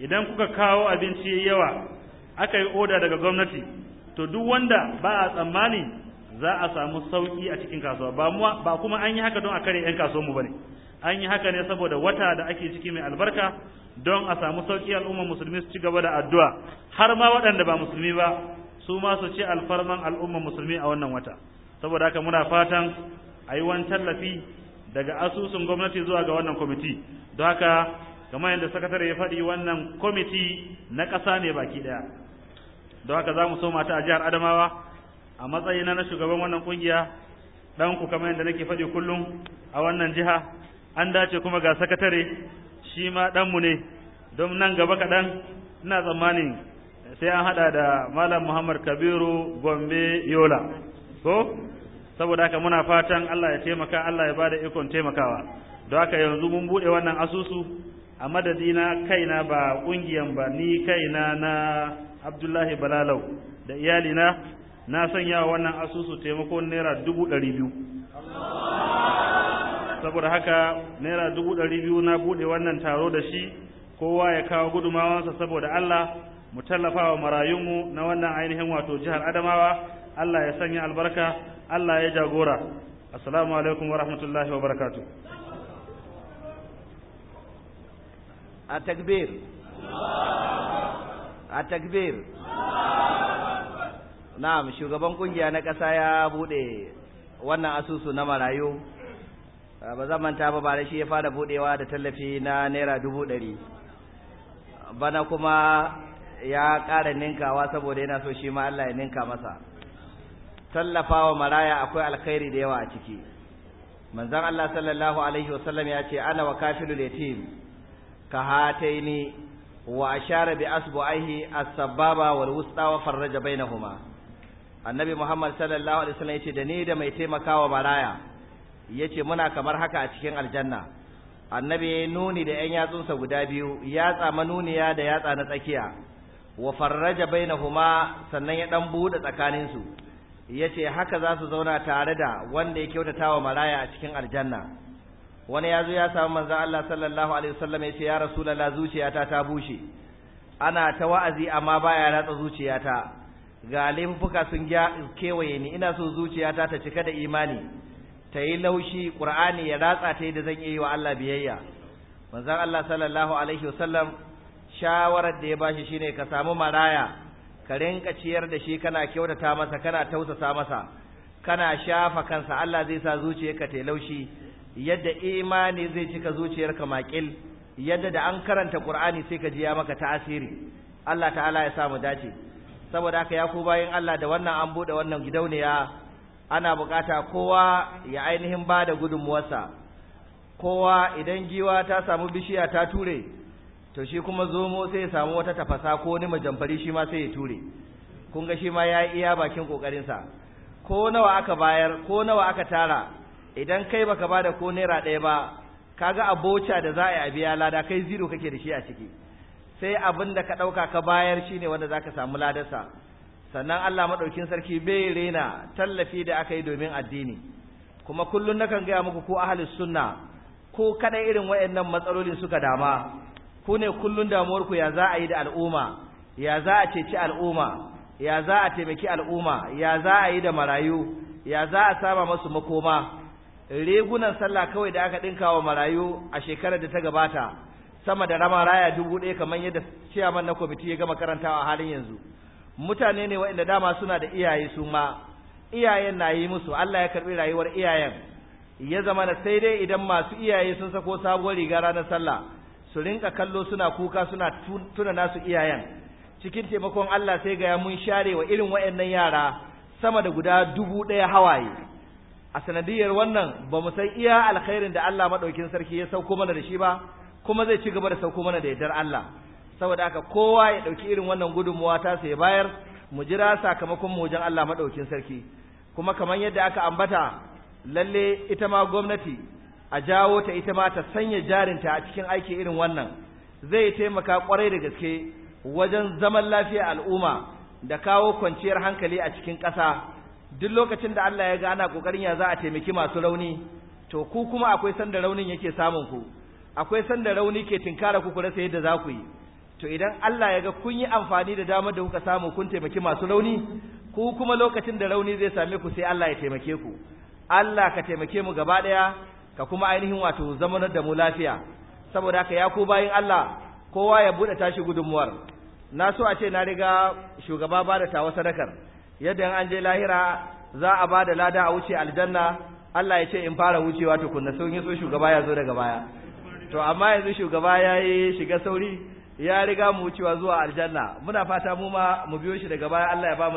idan kuka kawo abinci yawa aka yi oda daga gwamnati to duk wanda ba a tsammani za a samu sauki a cikin kasuwa ba ba kuma an yi haka don a kare yan kasuwanmu bane an yi haka ne saboda wata da ake ciki mai albarka don a samu sauki al'ummar musulmi su ci gaba da addu'a har ma waɗanda ba musulmi ba su ma su ci alfarman al'ummar musulmi a wannan wata saboda haka muna fatan a yi wani tallafi daga asusun gwamnati zuwa ga wannan kwamiti don haka kamar yadda sakatare ya faɗi wannan kwamiti na ƙasa ne baki ɗaya don haka za mu so mata a jihar adamawa a matsayina na shugaban wannan ƙungiya ɗanku kamar yadda nake faɗi kullum a wannan jiha an dace kuma ga sakatare shi ma ɗanmu ne don nan gaba kaɗan ina tsammanin sai an haɗa da malam muhammad kabiru gombe yola ko saboda haka muna fatan Allah ya taimaka Allah ya bada ikon taimakawa don haka yanzu mun bude wannan asusu a madadina kaina ba ƙungiyan ba ni kaina na abdullahi balalau da iyalina na sanya wannan asusu taimakon naira dubu ɗari biyu saboda haka naira dubu ɗari biyu na buɗe wannan taro da shi kowa ya kawo gudumawansa saboda allah mu tallafa wa marayunmu na wannan ainihin wato jihar adamawa allah ya sanya albarka allah ya jagora assalamu alaikum wa rahmatullahi wa barakatu. a takbir na'am shugaban ƙungiya na ƙasa ya buɗe wannan asusu na marayu ba zan manta ba bare shi ya fara buɗewa da tallafi na naira dubu ɗari bana kuma ya ƙara ninkawa saboda yana so shi ma Allah ya ninka masa tallafawa maraya akwai alkhairi da yawa a ciki manzon Allah sallallahu alaihi wasallam ya ce ana wa kafilul yatim ka hataini wa ashara bi asbu'aihi as-sababa wal wusta wa farraja bainahuma annabi muhammad sallallahu alaihi wasallam yace da ni da mai taimakawa maraya. yace muna kamar haka a cikin aljanna annabi ya nuni da yan yatsunsa guda biyu yatsa manuniya da yatsa na tsakiya wa farraja bainahuma sannan ya dan bude tsakanin su yace haka za su zauna tare da wanda ya kyautata wa maraya a cikin aljanna wani ya zo ya samu manzon Allah sallallahu alaihi wasallam ya ce ya rasulullah zuciyata ta bushe ana ta wa'azi amma baya ratsa zuciyata ga limfuka sun kewaye ni ina so zuciyata ta cika da imani ta yi laushi qur'ani ya ratsa ta da zan yi wa Allah biyayya manzon Allah sallallahu alaihi wasallam shawarar da ya bashi shine ka samu maraya ka rinka ciyar da shi kana kyautata masa kana tausasa masa kana shafa kansa Allah zai sa zuciyarka ta laushi yadda imani zai cika zuciyarka makil yadda da an karanta qur'ani sai ka ji ya maka tasiri Allah ta'ala ya samu dace saboda haka ya ku bayin Allah da wannan an bude wannan gidauniya ana bukata kowa ya ainihin ba da gudunmuwarsa kowa idan giwa ta samu bishiya ta ture to shi kuma zomo sai ya samu wata tafasa ko wani majamfari shi ma sai ya ture kun ga shi ma ya iya bakin kokarinsa ko nawa aka bayar ko nawa aka tara idan kai baka bada ko naira ɗaya ba ka ga aboca da za a yi a biya lada kai zero kake da shi a ciki sai abin da ka ɗauka ka bayar shi ne wanda za ka samu ladarsa sannan Allah maɗaukin sarki bai rena tallafi da aka yi domin addini kuma kullum nakan gaya muku ko ahalin sunna ko kaɗai irin waɗannan matsalolin suka dama ku ne kullum ku ya za a yi da al'umma ya za a ceci al'umma ya za a taimaki al'umma ya za a yi da marayu ya za a sama masu makoma regunan sallah kawai da aka dinka wa marayu a shekarar da ta gabata sama da rama raya dubu ɗaya kamar yadda ciyaman na kwamiti ya gama karantawa a halin yanzu mutane ne waɗanda dama suna da iyaye su ma iyayen na yi musu Allah ya karɓi rayuwar iyayen ya zama na sai dai idan masu iyaye sun sako sabuwar riga ranar sallah su rinka kallo suna kuka suna tuna nasu iyayen cikin taimakon Allah sai gaya mun share wa irin waɗannan yara sama da guda dubu ɗaya hawaye a sanadiyar wannan ba mu san iya alkhairin da Allah madaukin sarki ya sauko mana da shi ba kuma zai ci gaba da sauko mana da yardar Allah saboda haka kowa ya ɗauki irin wannan gudunmuwa ta sai bayar mu jira sakamakon mu wajen Allah madaukin sarki kuma kamar yadda aka ambata lalle ita ma gwamnati a jawo ta ita ma ta sanya jarinta a cikin aiki irin wannan zai taimaka kwarai da gaske wajen zaman lafiya al'umma da kawo kwanciyar hankali a cikin ƙasa duk lokacin da Allah ya ga ana kokarin ya za a taimaki masu rauni to ku kuma akwai sanda raunin yake samun ku akwai sanda rauni ke tinkara ku ku rasa yadda za ku yi to idan Allah ya ga kun yi amfani da damar da kuka samu kun taimaki masu rauni ku kuma lokacin da rauni zai same ku sai Allah ya taimake ku Allah ka taimake mu gaba daya ka kuma ainihin wato zamanar da mu lafiya saboda haka ya ku bayin Allah kowa ya bude tashi gudunmuwar na so a ce na riga shugaba ba da tawa sadakar yadda in an je lahira za a ba da lada a wuce aljanna Allah ya ce in fara wucewa tukunna sun yi so shugaba ya zo daga baya to amma yanzu shugaba ya yi shiga sauri ya riga mu wucewa zuwa aljanna muna fata mu ma mu biyo shi daga baya Allah ya ba mu